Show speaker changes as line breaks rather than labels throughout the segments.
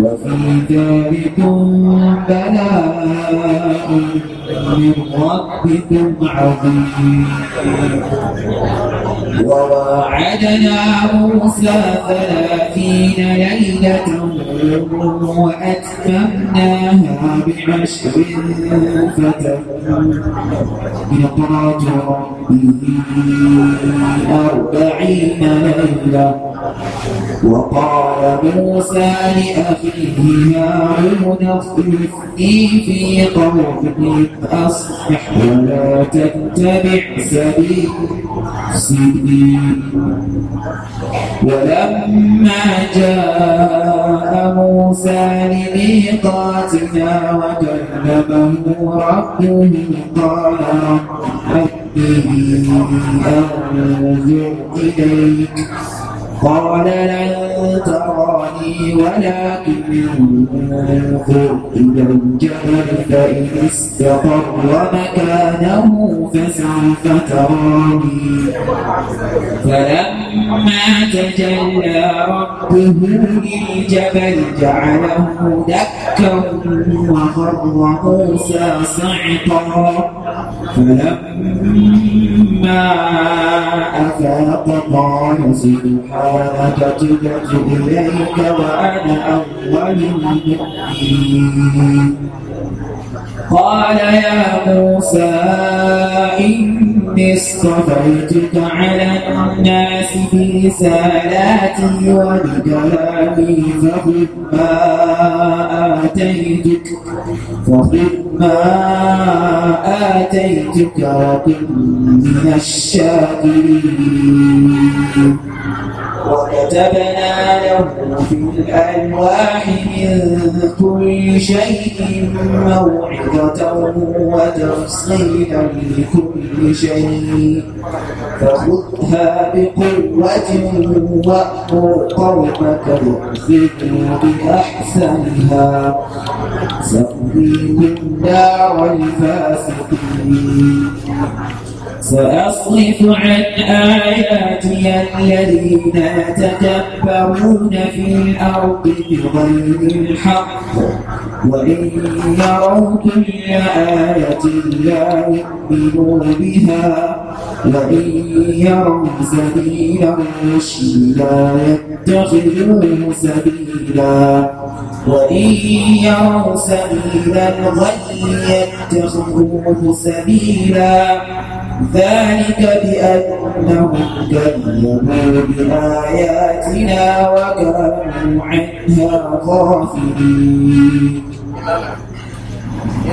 وفي ذلكم بلاء من ربكم عظيم وواعدنا موسى ثلاثين ليلة وأتممناها بعشر فتم مقرات ربه أربعين ليلة وقال موسى لأخيه هارون اخلفني في قومك أصبح ولا تتبع سبيل سنين ولما جاء موسى لميقاتنا وكلمه ربه قال ربي أنظر إليك قال لن تراني ولكن انظر إلى الجبل فإن استقر مكانه فسوف تراني فلما تجلى ربه للجبل جعله دكا وخر موسى صعقا فلما أفاق قال سبحانك تبت إليك وأنا أول المؤمنين قال يا موسى إني اصطفيتك على الناس في رسالاتي وبكلامي فخذ ما آتيتك وقم ما آتيتك وقم من الشاكرين وكتبنا له في الألواح من كل شيء موعظة وتفصيلا لكل شيء فخذها بقوة وأمر قومك يحفظوا بأحسنها سأريكم دار الفاسقين سأصرف عن آياتي الذين تكبرون في الأرض بغير الحق وإن يروا كل آية لا يؤمنوا بها وإن يروا سبيل الرشد لا يتخذوه سبيلا وإن يروا سبيل الغي يتخذوه سبيلا ذلك بأنهم كذبوا بآياتنا وكانوا عنها غافلين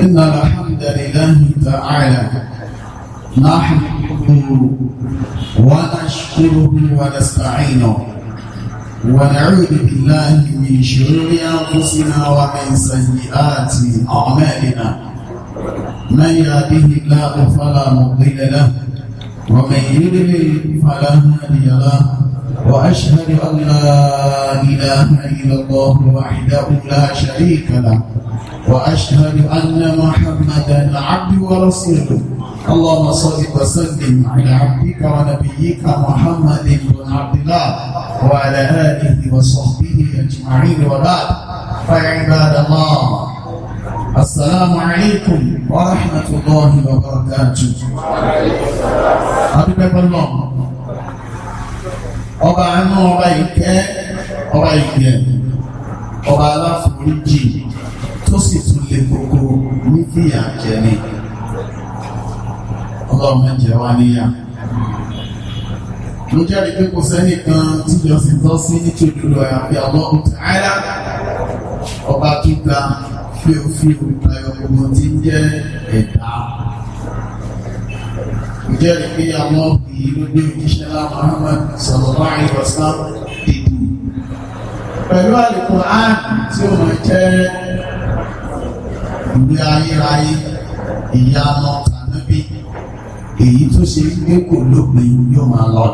إن الحمد لله تعالى نحمده ونشكره ونستعينه ونعوذ بالله من شرور أنفسنا ومن سيئات أعمالنا من يهده الله فلا مضل له ومن يضلل فلا هادي له واشهد ان لا اله الا الله وحده لا شريك له واشهد ان محمدا عبده ورسوله اللهم صل وسلم على عبدك ونبيك محمد بن عبد الله وعلى اله وصحبه اجمعين وبعد فعباد عباد الله Assalamu alaikum wa rahmatullahi wa barakatuh. Adúgbẹ́ pẹ̀lú ọmọ. Ọba àánú ọba ìkẹ́ ọba ìgbẹ̀ ọba aláforíjì tó sì tún lè gbogbo ní fìyà jẹni. Ọlọ́run ẹ̀jẹ̀ wá níyà. Mo jẹ́rìí pé kò sẹ́nìkan tíjọ sí tọ́ sí nítorí lọ́yà bí Allahu ta'ala ọba tó fi òfin ìtayọ ọmọ tí ń jẹ́ ẹ̀dá ìjẹ́rìí pé àwọn òbí ló gbé òjíṣẹ́ láwọn Muhammad sọ̀rọ̀ láàrin ọ̀sán dìbò pẹ̀lú àlùkò áàdì tí ó máa jẹ́ ìwé ayérayé ìyá lọ tàbí èyí tó ṣe pé kò lópin yóò máa lọ.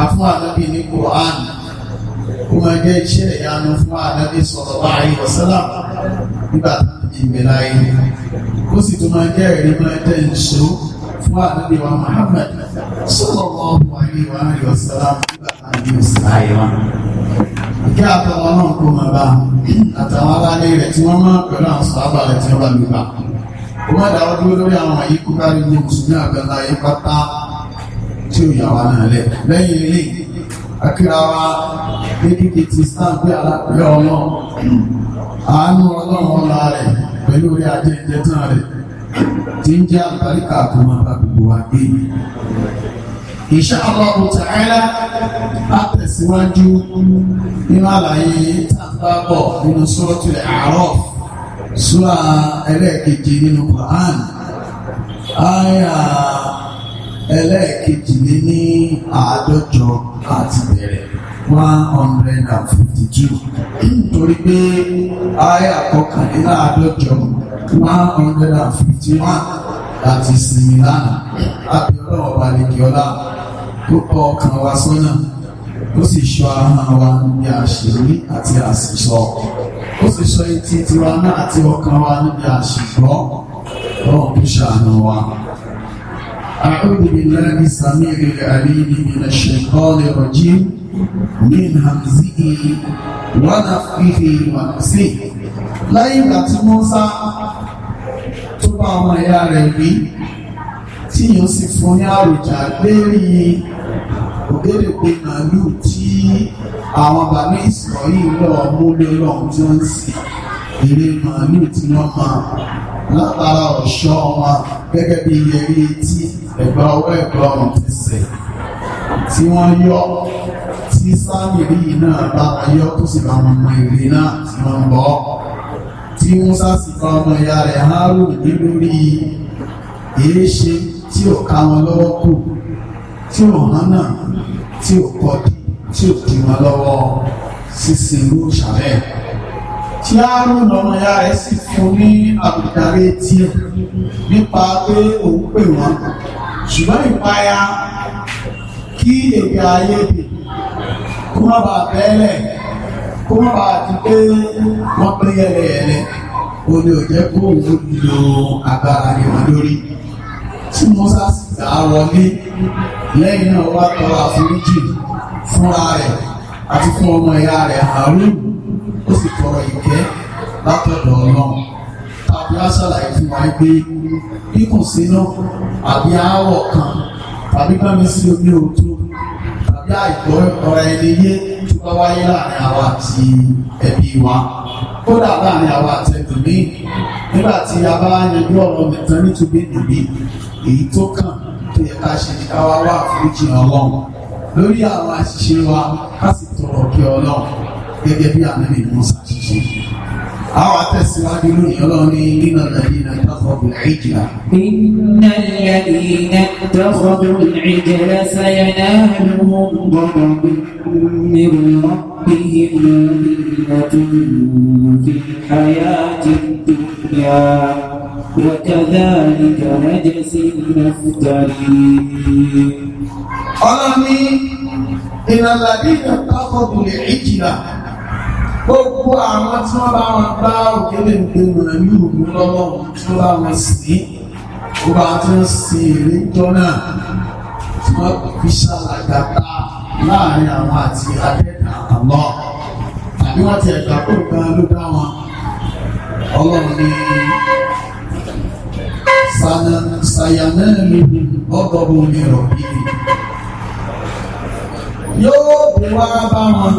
a fún àlọ́bí ní kò kó máa jẹ́ iṣẹ́ ìyanu fún ànábì sọ̀rọ̀ láàrin ọ̀sẹ́là nígbà ìgbèlà ayé ó sì tún máa jẹ́ ẹ̀rí máa jẹ́ ìṣó fún ànábì wa Muhammad sọ̀rọ̀ lọ́wọ́ àárín wa àárín ọ̀sẹ́là nígbà ànábì ìsìláyé wa. ìkẹ́ àtọwọ́ náà kó máa bá àtàwọn aláàlẹ́ rẹ̀ tí wọ́n máa pẹ̀lú àwọn sọ̀rọ̀ rẹ̀ tí wọ́n bá mi bá. wọ́n dá ọdún lórí àwọn àyíkú kárí ní mùsùlùmí àgbẹ̀lá ayé pátá tí ó yà wá náà lẹ́yìn eléyìí akíra wa dédìdì ti sáà pé alápẹ̀lẹ́ ọmọ àánú ọlọ́run ọlá rẹ̀ pẹ̀lú orí ajé ìjẹtàn rẹ̀ tí ń jẹ́ àbáríkà tó máa bá gbogbo wa gbé. Insha Allah Ta'ala á tẹ̀síwájú nínú àlàyé tàbábọ̀ nínú Suratul A'raf súra ẹlẹ́ẹ̀kejì nínú Quran ẹlẹ́ẹ̀kejì lé ní àádọ́jọ láti bẹ̀rẹ̀ one hundred and fifty two torí pé àyà kọkànléláàádọ́jọ one hundred and fifty one láti sinmi lánàá àbí ọlọ́wọ́ balẹ̀kẹ́ ọlá tó kọ́ ọkàn wa sọ́nà ó sì ṣọ́ ahọ́n wa níbi àṣírí àti àṣìṣọ́ ó sì ṣọ́ etí tiwa náà àti ọkàn wa níbi àṣìgbọ́ ọlọ́run tó ṣàánú wa. أعوذ بالله السميع العليم من الشيطان الرجيم من همزه ونفخه ونفسه lẹ́yìn ìgbà tí Mùsá tó bá ọmọ ìyá rẹ̀ wí tí yóò sì fún ní àròjà lérí ògèdèpé màálù tí àwọn bàbá Ísírẹ́lì lọ mú lọ́rọ̀ tí wọ́n ń sìn èrè màálù tí wọ́n máa látara ọ̀ṣọ́ wọn gẹ́gẹ́ bí yẹrí etí ẹ̀gbà ọwọ́ ẹ̀gbà ọ̀nà ẹsẹ̀ tí wọ́n yọ tí sáàmìlì yìí náà bá ayọ́ tó sì bá wọn mọ ìrì náà tí wọ́n ń bọ́ tí Musa sì fa ọmọ ìyá rẹ̀ Hárù ní lórí èéṣe tí ò ká wọn lọ́wọ́ kù tí ò hàn náà tí ò kọ́ tí ò dì wọn lọ́wọ́ sísè ló ṣàlẹ̀ tí àrùn ọmọ ya rẹ̀ sì fún ní àbùdarí tiẹ̀ nípa pé òun pè wọ́n ṣùgbọ́n ìpayà kí èdè àìyedè kó má bàa bẹ́ẹ̀lẹ̀ kó má bàa ti pé wọ́n pín yẹlẹyẹlẹ o ní òjẹ́ kó òun nílò agbára rẹ̀ wọ́n lórí tí Musa sì gbà wọlé lẹ́yìn náà wá tọrọ àforíjì fúnra rẹ̀ àti fún ọmọ ìyá rẹ̀ Harun ó sì tọrọ ìkẹ́ látọ̀dọ̀ Ọlọ́run tàbí á ṣàlàyé fún wa pé kíkùn sínú àbí aáwọ̀ kan tàbí gbọ́nmi sí omi òtó tàbí àìgbọ́ ọ̀rọ̀ ẹni tó bá wáyé láàrin àwa àti ẹbí wa kódà láàrin àwa àti ẹbí nígbà tí a bá yanjú ọ̀rọ̀ mi tán nítorí èdèmí èyí tó kàn tó yẹ ká ṣe ní káwá wà àforíjì ọlọ́run lórí àwọn àṣìṣe wa ká sì tọrọ kí ọlọ́run gẹ́gẹ́ bí àmì ìmúṣàṣìṣe. àwọn àtẹ̀síwájú lónìí ọlọ́run ní nínú nàìjíríà tọ́kọ̀ọ́bù
ìjìlá. iná yàrá tọ́kọ̀ọ́bù ìjìlá sayana lóhùn gbọ́dọ̀ mi rọ̀ bí ìlọ́dún fi àyà ti dùnyà wàkàdánì kàrẹ́jẹ sí ìlọ́fùtàlì.
ọlọ́run ní ìlànà ìjọba tọ́kọ̀ọ́bù ìjìlá. gbogbo àwọn tí wọ́n bá wọn bá òkèlè ń pè wọ̀n ní òògùn lọ́wọ́ tí wọ́n bá wọn sì ní gbogbo àwọn tí wọ́n sì èrè jọ náà tí wọ́n fi ṣàlàgàtà láàrin àwọn àti akẹ́kọ̀ọ́ àlọ́ tàbí wọ́n ti ẹ̀gbà pọ̀ gan ló dá wọn ọlọ́run ní sayanẹ́ẹ̀lì ọgọ́bù mi rọ̀ bíi yóò bí wá bá wọn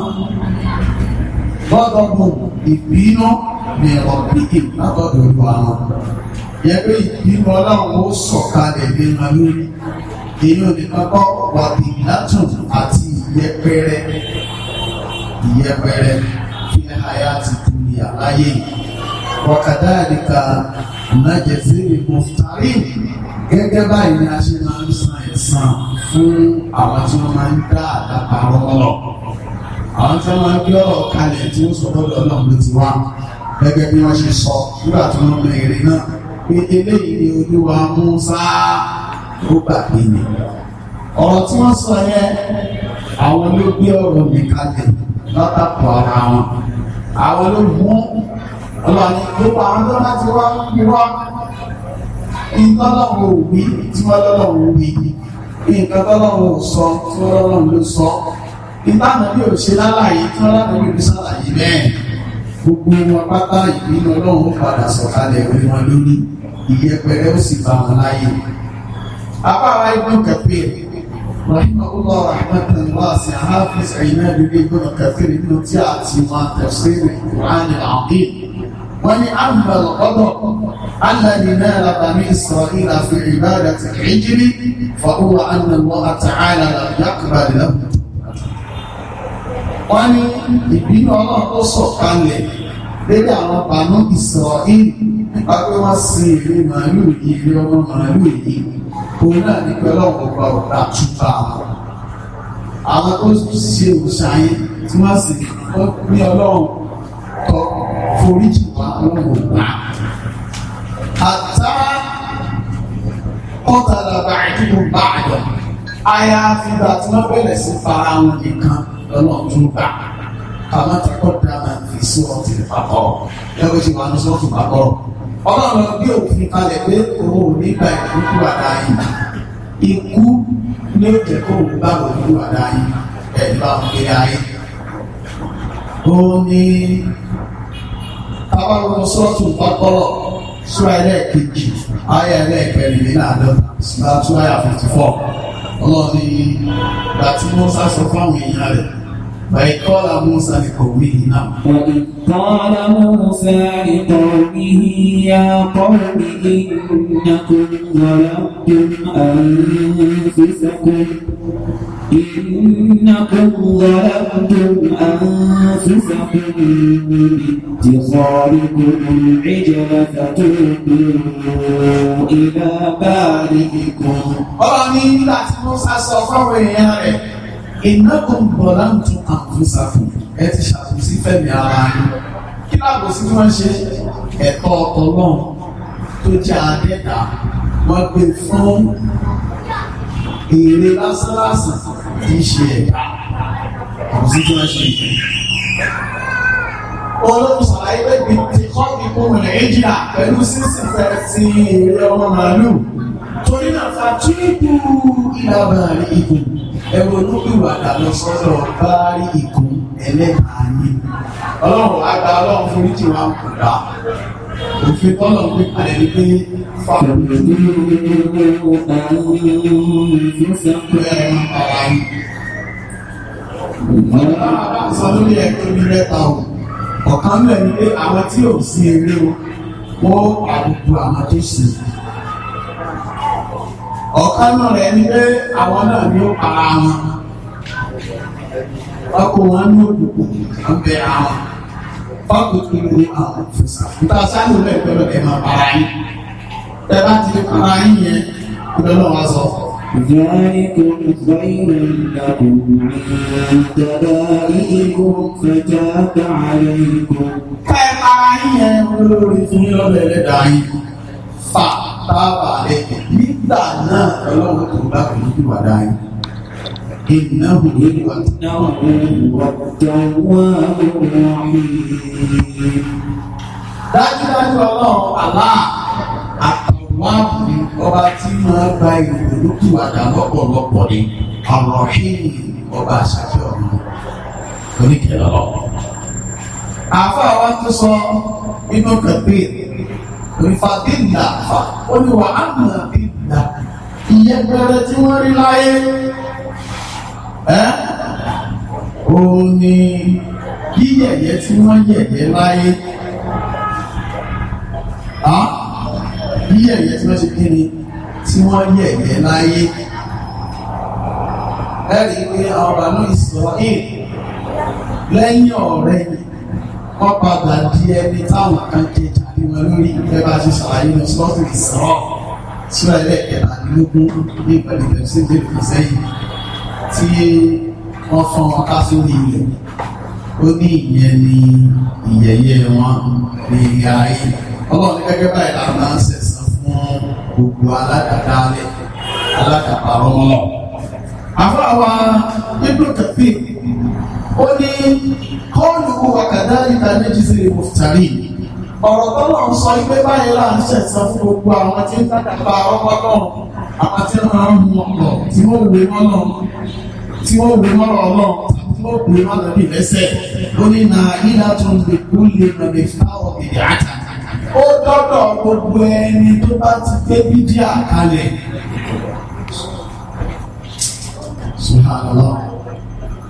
gbọ́dọ̀gbọ̀n ìbínú ní ọ̀bíkì látọ̀dọ̀ ìlú àwọn. Yẹ pé ìbínú ọlọ́run ó sọ̀kalẹ̀ lé wọn lórí. Èyí ò ní kọ́kọ́ wà bí látùn àti ìyẹpẹrẹ. Ìyẹpẹrẹ fi àyà ti kú ní àláyé. Wọ̀kàdá àdìkà ìnájẹ sí ìmọ̀ tàrí. Gẹ́gẹ́ báyìí ni a ṣe máa ń san ẹ̀san fún àwọn tí wọ́n máa ń dá àdàpà rọ́lọ́ àwọn tí wọ́n gbé ọ̀rọ̀ kalẹ̀ tí ń sọ̀rọ̀ lọ́nà ló ti wá gẹ́gẹ́ bí wọ́n ṣe sọ nígbà tí wọ́n rìn náà pé eléyìí ni olúwa Mùsá ó gbàgbé ni ọ̀rọ̀ tí wọ́n sọ yẹ àwọn ló gbé ọ̀rọ̀ mi kalẹ̀ látàkọ̀ ara wọn àwọn ló mú ọlọ́ni gbogbo àwọn tó bá ti wá ń wá ìtọ́lọ́wọ̀ òbí tí wọ́n lọ́lọ́wọ̀ òbí nǹkan tọ́lọ́wọ̀ sọ tí wọ́n lọ́lọ́wọ̀ ló sọ ìtànà bí ò ṣe lálàyé tí wọ́n lánàá bí sàlàyé bẹ́ẹ̀ gbogbo wọn pátá ìpinnu ọlọ́run padà sọ̀kalẹ̀ orí wọn lórí ìyẹpẹrẹ ó sì bá wọn láyé. abáwa ibùdó kẹfì rahimahullah rahmatan wasi hafiz ẹ̀yìnà lórí ibùdó kẹfì nínú tí a ti máa tafsir al-Qur'an al-Azim. wọ́n ní àmbàlù ọ̀dọ̀ alladhi nala bani Israila fi ibadati al-hijri fa huwa anna Allah wọ́n ní ìbínú ọlọ́run tó sọ̀kalẹ̀ lórí àwọn bàánú ìsọ̀ ìlú nípa pé wọ́n sin ìlú màálùú yìí ìlú ọmọ màálùú yìí òun náà ní pẹ̀lú ọ̀pọ̀pọ̀ ọ̀dà túbà àwọn tó ṣe òṣàyẹ tí wọ́n sì ní ọlọ́run kọ foríjì wá ọlọ́run gbà. àtà ọ̀tàlàbà àdúgbò bá àjọ àyàfi ìgbà tí wọ́n bẹ̀rẹ̀ sí fara wọn nìkan lọ́nà tó gbà kàmá takọ́ dáná fi sọ́ọ̀ tì pàkọ́ lẹ́wọ́ ti wà ní sọ́ọ̀ tì pàkọ́. ọlọ́run bí òfin kalẹ̀ pé òun ò ní gba ìkúkú àdáyé ikú ní ó jẹ́ kó òun bá wọ̀ ìkú àdáyé ẹ̀dí bá wọn kéré ayé. ó ní tábà lọ sọ́ọ̀ tì pàkọ́ sura ẹlẹ́ẹ̀kejì ayé ẹlẹ́ẹ̀kẹrin ní àádọ́ta sinatú ayà fifty four ọlọ́ọ̀ni gbàtí wọ́n sọ fáwọn èèyàn rẹ̀. وإذ قال موسى لقومه نعم وإذ
قال موسى لقومه يا قوم إنكم ظلمتم أنفسكم إنكم ظلمتم أنفسكم باتخاذكم العجل فتوبوا
إلى بارئكم. ọ̀rọ̀ ni nígbà tí Musa sọ fọ́wọ́ ìnákùn bọ̀lá ń tún àkùnfúnṣàfù ẹ ti ṣàkóso fẹ́mi ara yín kí láàbò sí wọ́n ṣe ẹ̀tọ́ ọlọ́run tó jẹ́ adẹ́dà wọ́n gbé fún èrè lásánlásán kì í ṣe ẹ̀dá àwọn sí wọ́n ṣe olóhùn ṣàlàyé pé bí ti kọ́ ìkóhùn nàìjíríà pẹ̀lú sísìn fẹ́ sí èrè ọmọ màálù torí náà fa jíìpù ìlàbàárì ìkùn ẹ̀rọ olúkúwàdà lọ sọ́dọ̀ báárì ìkùn ẹlẹ́bàá yìí ọlọ́run àgbà ọlọ́run foríjì wa kò dá òfin tọ́lọ̀ pé àlẹ́ ni pé fáwọn sọ lórí ẹ̀kọ́ ní mẹ́ta o ọ̀kan lẹ̀ pé àwọn tí ò sí eré wọ́n àbùkù àwọn tó sì í ọ̀kan náà rẹ̀ ni pé àwọn náà ni ó para wọn ọkọ̀ wọn ní òkùnkùn ń bẹ àwọn fọ́ọ̀kù tó lè ní àwọn òfìsà níta sáyẹn lè gbọ́dọ̀ máa para yín ẹ bá ti para yín yẹn
lọ́nà wa sọ.
ذلكم خير
لكم فتاب عليكم.
ẹ para yín yẹn olórí fún yín lọ́dọ̀ tábà rẹ̀ nígbà náà ọlọ́run tó bá fi lójú wà dáa yìí. إنه هو التواب الرحيم dájúdájú ọlọ́run àlá àtàwáàbù ọba tí máa gba ìrònúkúwàdà lọ́pọ̀lọpọ̀ ni ọ̀rọ̀hìn ọba àṣàjọ ọ̀nà oníkẹ̀lọ́. àfa wa tó sọ inú kan pé ìfàdí ìdàfà ó ní wà á nà bí ìdà ìyẹpẹrẹ tí wọ́n rí láyé ẹ́ ó ní kí yẹ̀yẹ́ tí wọ́n yẹ̀yẹ́ láyé ni tí wọ́n yẹ̀yẹ́ láyé ẹ rí i pé àwọn bàbá ìsọ̀ ẹ̀ lẹ́yìn ọ̀rẹ́ yìí wọ́n padà di ẹni táwọn kan jẹjẹ ìmọ̀ lórí ìfẹ́ bá ṣe ṣàlàyé lọ sọ́ọ̀tù ìsọ̀rọ̀ síra ẹlẹ́ẹ̀kẹtàdínlógún ní ìpàdé tẹ̀síńdé ìsẹ́yìn tí wọ́n fọ́n wọn ká sórí ilẹ̀ ó ní ìyẹn ní ìyẹyẹ wọn ní ilé ayé ọlọ́run gẹ́gẹ́ báyìí làwọn máa ń ṣẹ̀san fún gbogbo aládàdálẹ̀ aládàpàrọ̀ mọ́ àwọn àwa ibùdó kẹfì ó ní kọ́ọ̀lù wàkàdá ìta méjì sí ìmùtàrí ọ̀rọ̀ tọ́lọ̀ ń sọ pé báyìí là ń ṣẹ̀san fún gbogbo àwọn tí ń tàdàpá ọkọ̀ náà àwọn tí wọ́n ń mú ọ̀rọ̀ tí wọ́n wé mọ́nà tí wọ́n wé mọ́nà ọlọ́ tí wọ́n wé mọ́nà bí lẹ́sẹ̀ ó ní na ilá tó ń lè kú lè nà lè fa ọ̀gẹ̀dẹ̀ àtà. ó dọ́dọ̀ gbogbo ẹni tó bá ti gbé bídí àkàlẹ̀.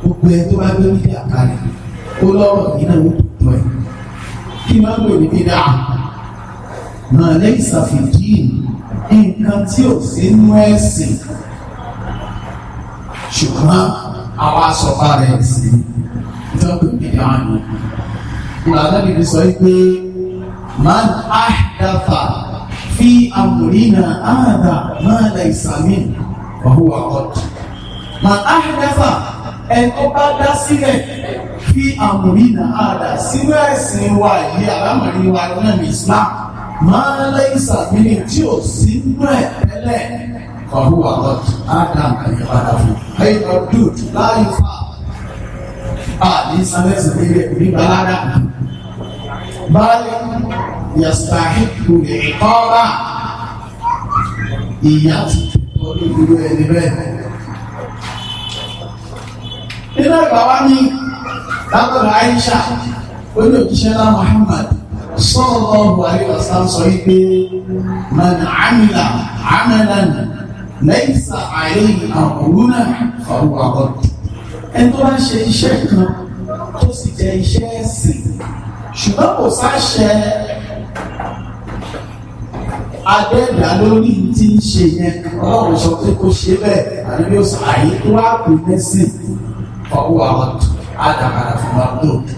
gbogbo ẹni tó bá gbé bídí àkàlẹ̀ ó lọ́rọ̀ kí máa ń pè ní bídà màálẹ́ ìsàfìdíìn nǹkan tí ò sí nú ẹ̀sìn ṣùgbọ́n àwa sọ̀bà rẹ̀ sí ìjọba ìbílẹ̀ àná ìlànà ìbí sọ pé man ahdatha fi amrina àdà màálẹ́ ìsàmì ọ̀húwà ọ̀tún man ahdatha ẹ̀kọ́ bá dá sílẹ̀ fi àmúrí náà dà sínú ẹ̀sìn wa yìí alámọ̀rí wa náà ní Islam máa lẹ́yìn sàmìlì tí ò sí nínú ẹ̀ tẹ́lẹ̀ ọ̀rú wa lọ́tù ádám kàyẹ̀ padà fún ẹ̀yọ́ dùdù láyé fà á ní sanẹ́sì nílẹ̀ nígbàlára báyìí yàtàkù lè kọ́ bá ìyá tuntun lórí ìlú ẹni bẹ́ẹ̀ nínú ẹgbà wa ní látọ̀rọ̀ Aisha oní òjíṣẹ́ náà Muhammad sallallahu alaihi wasallam sọ wípé man amila amalan laysa alayhi amruna fahuwa radd ẹni tó bá ṣe iṣẹ́ kan tó sì jẹ́ iṣẹ́ ẹ̀sìn ṣùgbọ́n kò sáṣẹ adẹ́ẹ̀dá lórí tí ń ṣe yẹn ọlọ́run sọ pé kò ṣe bẹ́ẹ̀ àdébíyọ̀sọ àyíkú àpò mẹ́sìn فهو رد عاد على المردود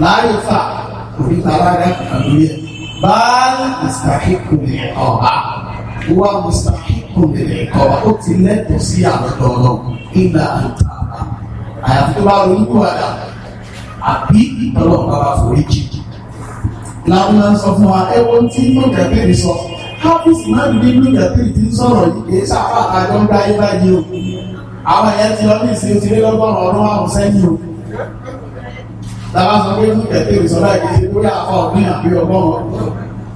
لا يدفع وفي تراجع الدنيا بل يستحق العقاب هو مستحق للعقاب قلت لا تصيع الدولار إلا أن تاب àyàfi tó bá ronú kó wàdà àbí ìtọ́lọ̀ bàbá foríjì làwọn máa ń sọ fún wa ẹ wo tí ló dẹ̀bí rí sọ hafiz máa ń bí ló dẹ̀bí ti ń sọ̀rọ̀ yìí kì í sáfà àjọ ń gbáyé báyìí o àwọn ẹ̀yẹ ti lọ ní ìsìn ti lé lọ́gbọ̀n ọdún márùn sẹ́yìn o làwọn sọ pé inú kẹ̀kẹ́ ìsọ̀rọ̀ ìdíje lórí àfọ ọ̀gbìn àbí ọgbọ̀n ọdún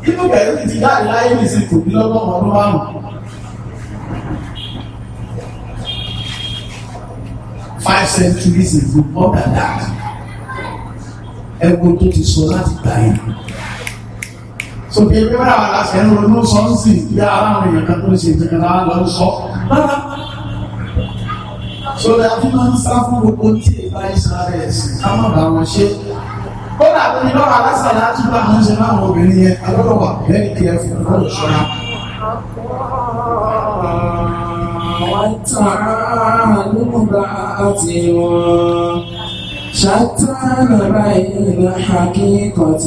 inú kẹ̀kẹ́ ti jáde láyé ní ìsìn kò ní lọ́gbọ̀n ọdún márùn. five centuries is more than that ẹgbẹ́ tó ti sọ láti gbà yẹn sókè ẹgbẹ́ wẹ́rẹ́ àwọn aláṣẹ ń ronú sọ́ọ́sì bí aráàlú èèyàn kan tó ń ṣe ìjẹ̀kẹ̀ náà lọ́ọ́ sọ sọlá fi máa ń sá fún gbogbo tí ìgbà ìsàn rẹ̀ sìn ká má bàa wọn ṣe. ó dàbí ní lọ́wọ́ alásàlá tún bá wọn ṣe láwọn obìnrin yẹn agbọ́dọ̀ bẹ́ẹ̀ kí ẹ fún wọn ṣọ́ra. wọ́n tàn án
nígbà àti wọn. شتان بين الحقيقة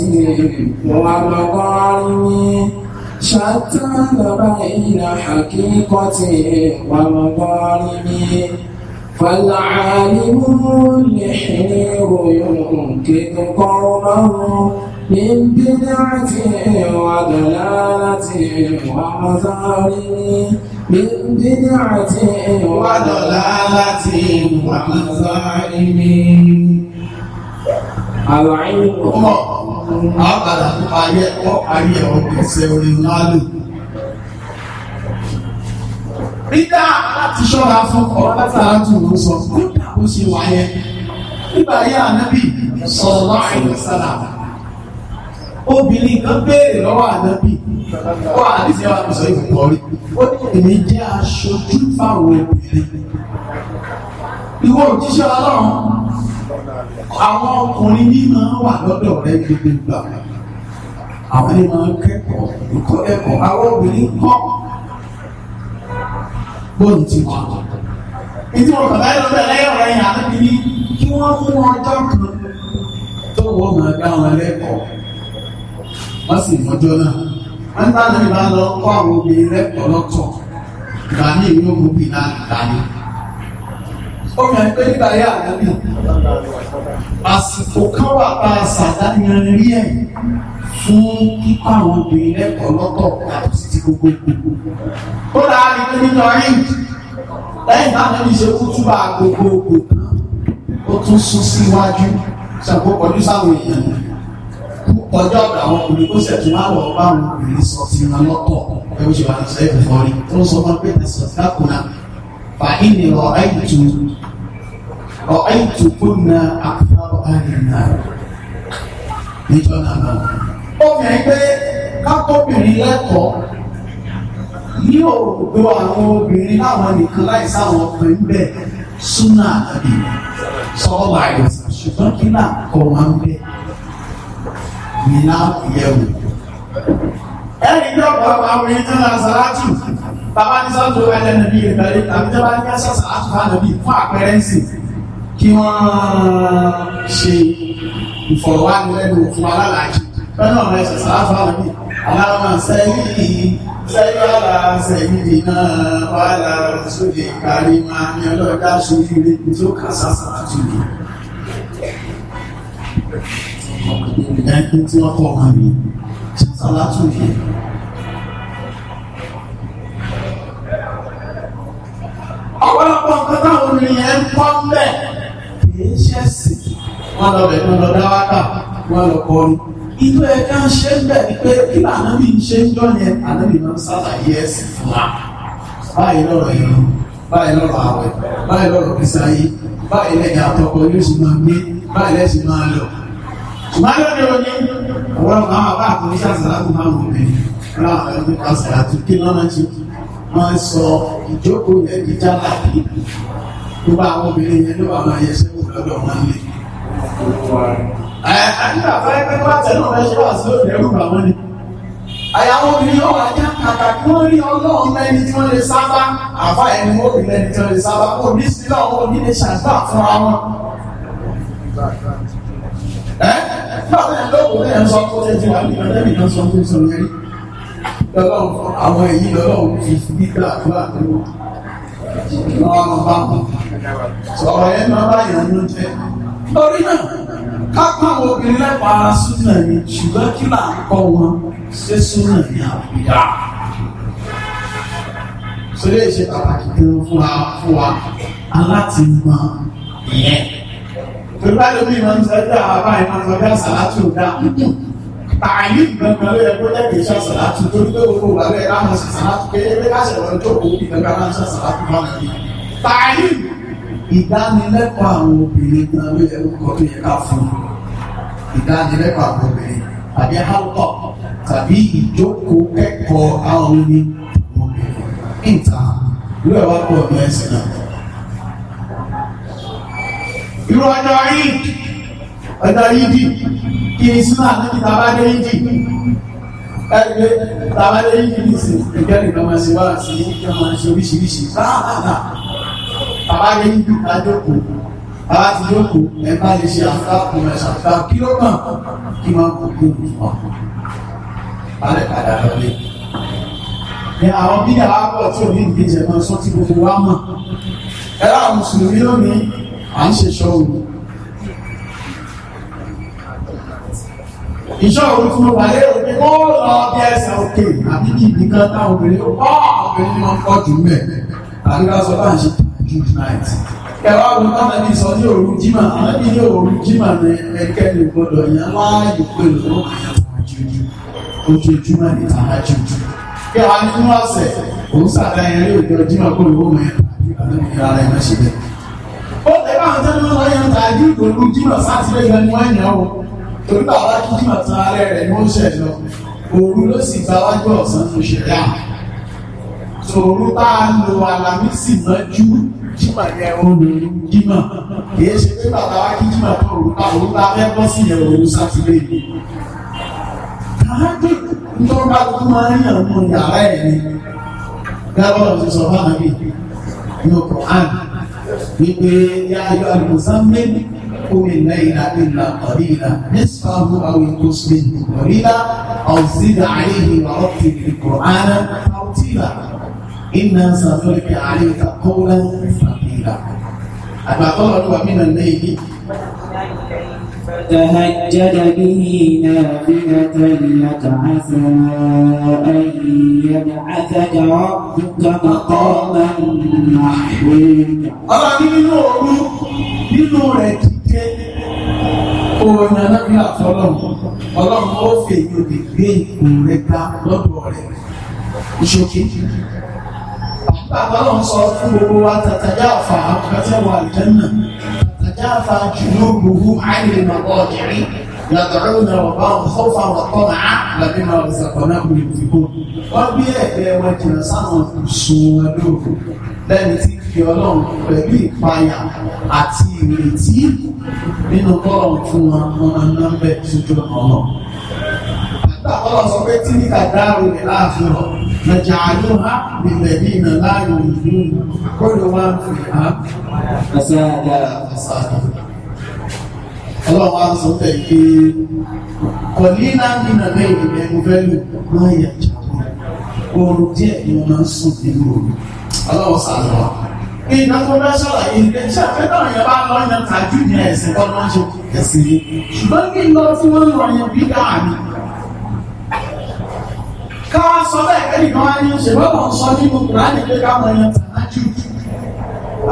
والمظالم شتان بين حقيقة والمظالم فالعالم الحير يمكن قومه من بدعته وضلالته ومظالمه من بدعته وضلالته ومظالمه العلم
أقرأ آية أو آية أو bídà láti ṣọ́ra fún ọ̀rọ̀ látara tó ń sọ kódà ó ṣe wáyé nígbà yá ànábì sọ̀rọ̀ àìlọ́sálà obìnrin kan béèrè lọ́wọ́ ànábì wọ́n àdìsí wa kò sọ ìbùkọ́ rí ó ní èmi jẹ́ aṣojú fáwọn obìnrin ìwọ òjíṣẹ́ ọlọ́run àwọn ọkùnrin ní máa ń wà lọ́dọ̀ rẹ gbogbo ìgbà àwọn ni máa ń kẹ́kọ̀ọ́ ìkọ́ ẹ̀kọ́ àwọn obìnrin kọ́ bóun ti wà.
Ìdí wọn bàbá yìí lọ́dọ̀ lẹ́yìn yìí àbí ní
kí wọ́n mú ọjọ́ kan tó wọ́n máa dá wọn lẹ́kọ̀ọ́. Wọ́n sì mọ́jọ́ náà. Wọ́n bá lórí bá lọ kọ́ àwọn obìnrin lẹ́kọ̀ọ́ lọ́tọ̀. Ìgbà ní ìlú òmùbí náà dání. Ó yàn pé nígbà yà á rí. Àsìkò kan wà pa àṣà dáníyanrí ẹ̀ fún kíkọ́ àwọn obìnrin lẹ́kọ̀ọ́ lọ́tọ̀ àti kókó kó dáa ní pé nínú ọ̀rìn lẹ́yìn táwọn ẹni ṣe kú túbà gbogbogbò ó tún sún síwájú ṣàkó pọ̀jù sáwọn èèyàn ọjọ́ ọ̀gá àwọn ọkùnrin kó ṣẹ̀tún máa wọ̀ bá àwọn obìnrin sọ sí wọn lọ́tọ̀ ẹ bó ṣe wà lọ́sẹ̀ ẹ̀kọ́ fọ́rí tó ń sọ fún pé tẹ̀sán dákùnà fàáìnì ọ̀rẹ́ ìtù ọ̀rẹ́ ìtù kó na àfọwọ́ àrìnà níjọ́ náà. ó fi hàn pé kápọ́bìnrin lẹ́kọ̀ọ́ ní òògbó àwọn obìnrin láwọn nìkan láì sáwọn ọkùnrin bẹ̀ súnà àbí sọ́ọ̀bà ìwòsàn ṣùgbọ́n kí náà kọ́ wọn bẹ̀ ní láàbùyẹ̀wò. ẹnì dọ́gba àwọn ènìyàn náà sàràtù bàbá ní sọ́ọ̀tù ẹ̀jẹ̀ nàbí ìbẹ̀rẹ̀ tàbí jọba ní ẹ̀ṣọ́ sàràtù bá nàbí fún àpẹẹrẹ ń sìn kí wọ́n ṣe ìfọ̀rọ̀wánilẹ́nuwò fún alálàájì pẹ̀lú ọ̀rọ̀ ẹ̀ṣọ́ sàràtù bá nàbí اللهم صل صل على سيدنا وعلى رسولك الإمام يلوكا شفيري توكا ساساتيني ẹni tí wọ́n kọ́ ọmọ mi ṣàtàlá tún fi ọ̀pọ̀lọpọ̀ nǹkan táwọn obìnrin yẹn ń kọ́ ń bẹ̀ kì í ṣẹ̀sìn wọ́n lọ bẹ̀ wọ́n lọ dáwátà wọ́n lọ kọrin inú ẹ̀ka ń ṣe ń bẹ̀ ni pé kí lànàbì ń ṣe ń jọ yẹn ànàbì máa ń ṣàlàyé ẹ̀sìn fún wa báyìí lọ́rọ̀ yìí báyìí lọ́rọ̀ àwẹ̀ báyìí lọ́rọ̀ kìsáyé báyìí lẹ́yìn àtọkọ yóò sì máa gbé báyìí lẹ́sìn máa lọ. ṣùgbọ́n lóde òní ọ̀rọ̀ àwọn àbá àkùnrin ṣàṣàlátù máa wọ̀ mí ra ẹni àṣàlátù kí lọ́nà ṣe máa ń sọ ìjókòó yẹn ní jálàbí gbogbo àwọn obìnrin yẹn ló wà máa yẹ sẹ́wọ̀n lọ́dọ̀ wọn lé àdúrà fẹ́ pé wọ́n tẹ̀lé ọ̀rẹ́ ṣe wà sí òde ẹrú bàwọn ni. àyàwó obìnrin yóò wá já kàkà kí wọ́n rí ọlọ́run lẹ́ni tí wọ́n lè sábà àfa ẹni wọ́n rí lẹ́ni tí wọ́n lè sábà kò ní sílẹ̀ ọ̀hún òní lè ṣàdúrà fúnra wọn.
ẹ báwo ni lóògùn náà ń sọ tó ṣe ti wà ní ọ̀dẹ́bì náà
sọ tó sọ yẹn lọ́lọ́run àwọn èyí lọ́lọ́run fi gbígbà àdúrà tó wọn. wọ́n á máa bá wọn sọ̀rọ̀ ẹ̀ máa bá ìrànlọ́jẹ́ lórí náà kápá àwọn obìnrin lẹ́pọ̀ ara súnà ni ṣùgbọ́n kí là ń kọ́ wọn ṣé súnà ni àbúyá. sórí èṣe pàtàkì kan fún wa fún wa aláti mọ ìyẹn. pẹ̀lú àdébí ìmọ̀ nípa ẹgbẹ́ àwọn bàbá ìmọ̀ nípa ẹgbẹ́ àṣàlátì òdà tààyè gbẹ̀ngàn ló yẹ kó jẹ́ kí iṣẹ́ àṣàlátì torí pé gbogbo ìgbà bẹ́ẹ̀ láwọn ṣàṣàlátì pé ẹgbẹ́ káṣẹ̀ wọn tó kó ìgbẹ̀ngàn láwọn ìdánilẹ́kọ̀ọ́ àwọn obìnrin náà ló yẹ kó tó yẹ ká fún ìdánilẹ́kọ̀ọ́ àwọn obìnrin tàbí hálùkọ̀ tàbí ìjókòó kẹ́kọ̀ọ́ àwọn oní obìnrin níta ló yẹ wá pọ̀ ní ẹ̀sìn náà. irú ọjọ́ yìí ọjọ́ yìí kí n sún àti kí tàbá dé yìí ẹgbẹ́ tàbá dé yìí kì í sè ìkẹ́rìndínlọ́mọ̀sí wá sí ìkẹ́rìndínlọ́mọ̀sí oríṣiríṣi báà báà báà bàbá yẹn ń dùn lájókòó bàbá ti jókòó ẹ bá lè ṣe àfikàkùn ẹ ṣàfikà kí ló kàn kí wọn kò kó òun fún wa balẹ̀ padà lọlé ni àwọn bíyà wá pọ̀ tí òní ìgbéjẹ náà sọ tí gbogbo wa mọ̀ ẹ láwọn mùsùlùmí lónìí à ń ṣe ṣọ́ òru ìṣọ́ òru fún wàlé òní ó lọ bí ẹsẹ̀ òkè àbí kí nìkan táwọn obìnrin ó bá obìnrin máa ń pọ̀ jù mẹ́ àbí ká sọ bá ń ṣe midnight ẹwà wo tọ́lá ní sọ ní òru jimá àwọn ní òru jimá ní ẹkẹ́ ní gbọdọ̀ yẹn láàyè pé lọ́wọ́ àyàn àjòjì ojoojúmọ́ ní àjòjì kí a ní inú ọ̀sẹ̀ òun sàdá yẹn ní òjò jimá kó lọ́wọ́ mọ́ yẹn àjòjì àlẹ́ ara yẹn ṣe bẹ́ẹ̀. ó tẹ́ bá àwọn tẹ́lẹ̀ wọn yẹn ta àjò òru jimá sátidé yẹn ni wọ́n yàn ó torí bàbá kí jimá tan alẹ́ rẹ̀ ni ó ṣẹ̀ jimá yẹn olórí jimá kì í ṣe pé bàbá wa kí jimá tó òru ta òru ta fẹ́ bọ́ sí yẹn òru sátidé yìí. káàdì nítorí bá tó máa ń yàn mú yàrá ẹ̀ ni gábọ́lá ti sọ fáwọn ní ọkọ̀ àn wípé yá ayọ́ àlùmọ̀sán mẹ́rin omi náírà ìlà kọ̀ríra nísìfàmù àwọn ètò sílẹ̀ kọ̀ríra ọ̀sídà àìhìn ọ̀rọ̀kì ìkọ̀rọ̀ ààrẹ pàtìlà iná sàfẹ́rẹ̀kẹ̀ àríkà kọ́wọ́lá لكم أما قال ومن الليل تهجد
به نافلة لك عسى أن يبعثك ربك مقاما محمودا. أرى nínú
òru nínú rẹ̀ dìde òun alábí àtọ́lọ́run ọlọ́run ó fèyí òdì gbé ìpò rẹ̀ ga lọ́dọ̀ rẹ̀. Ìṣókè bàbá lọ sọ fún gbogbo wa tàtàjà àfà àkàtà wà lẹ́nà tàtàjà àfà jùlọ gbogbo àìlè màbọ̀ ọ̀jẹ̀rì yàtọ̀rọ̀ náà wà wọn kọ́fà wà kọ́ náà làbí máa sàkọ́nà kò lè fi kó. wọ́n bí ẹ̀gbẹ́ wọn jìnnà sáwọn ìsùn wọn lóòrò lẹ́ni fi ọlọ́run pẹ̀lú ìpayà àti ìrètí nínú bọ́ọ̀lù fún wọn wọn náà ń bẹ̀ tuntun ọ̀nà. Tàbọ́lọ̀ sọ pé tí ní kàdáàrù ní láàfin rọ̀, ẹ̀jà àjò ha nílẹ̀ ní ìnà láàrin ìlú kódò wá ń fi hàn. Ẹ̀sẹ̀ àdára àṣàdà. Ọlọ́run á sọ pé kí kọ̀lí náà ní ìnà lẹ́yìn ìgbẹ́ mo fẹ́ lò máa yà jà. Oorun díẹ̀ ni wọ́n máa ń sùn nínú òru. Ọlọ́run sàlọ́ wa. Ní iná tó bẹ́ sọ̀rọ̀ yìí, ilé iṣẹ́ àfẹ́tàn yẹn bá lọ káwá sọ bẹ́ẹ̀ kẹ́lì kan wá ní ṣèlọ́pọ̀ sọ nínú kùránì pé káwọn èèyàn tàná jù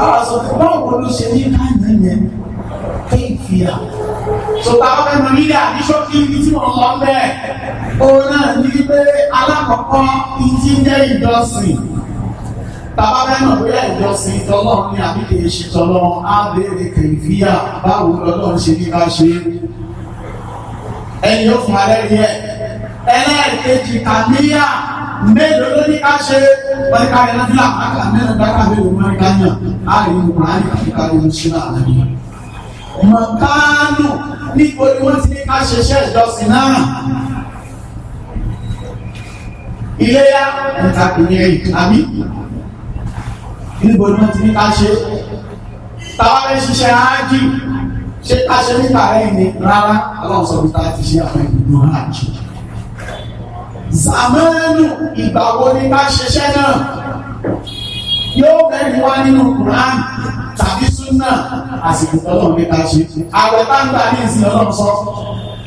àwọn sọ fún báwo ló ṣe ní láàyè yẹn pé ìfìyà tó bá wọn mọ nílẹ̀ àdíṣọ́ kí ibi tí wọ́n lọ bẹ́ẹ̀ ó náà ní pé alákọ̀ọ́kọ́ ìdí jẹ́ ìjọsìn bàbá bẹ́ẹ̀ mọ̀ bóyá ìjọsìn tọlọ́run ní àbíkè ṣe tọlọ́run á béèrè kè ìfìyà báwo lọ́lọ́run ṣe ní bá ṣe ẹni yóò fún alẹ́ rí ẹ̀ ẹlẹ́ẹ̀kejì tàbíyà mélòó ló ní ká ṣe wọ́n ká yẹn lọ́dún àkàkà mẹ́rin dákà mélòó máa ń dáyàn láàrin ìwọ̀n àárín àfikà ló ń ṣe láàrin. mọ̀kánù níbo ni wọ́n ti ní ká ṣe iṣẹ́ ìjọsìn náà. iléyà ìtàkùnrin èyí àbí níbo ni wọ́n ti ní ká ṣe. táwọn ṣiṣẹ́ áájì ṣe ká ṣe níta ẹ̀yìn ni rárá ọlọ́run sọ fún ta ti ṣe àwọn ìdùnnú áájì sàmánù ìgbà wo ni ká ṣiṣẹ́ náà yóò bẹ̀rẹ̀ wá nínú Quran tàbí súnà àsìkò tọ́lọ́run ní ká ṣe àwẹ̀ bá ń gbà ní ìsìn ọlọ́run sọ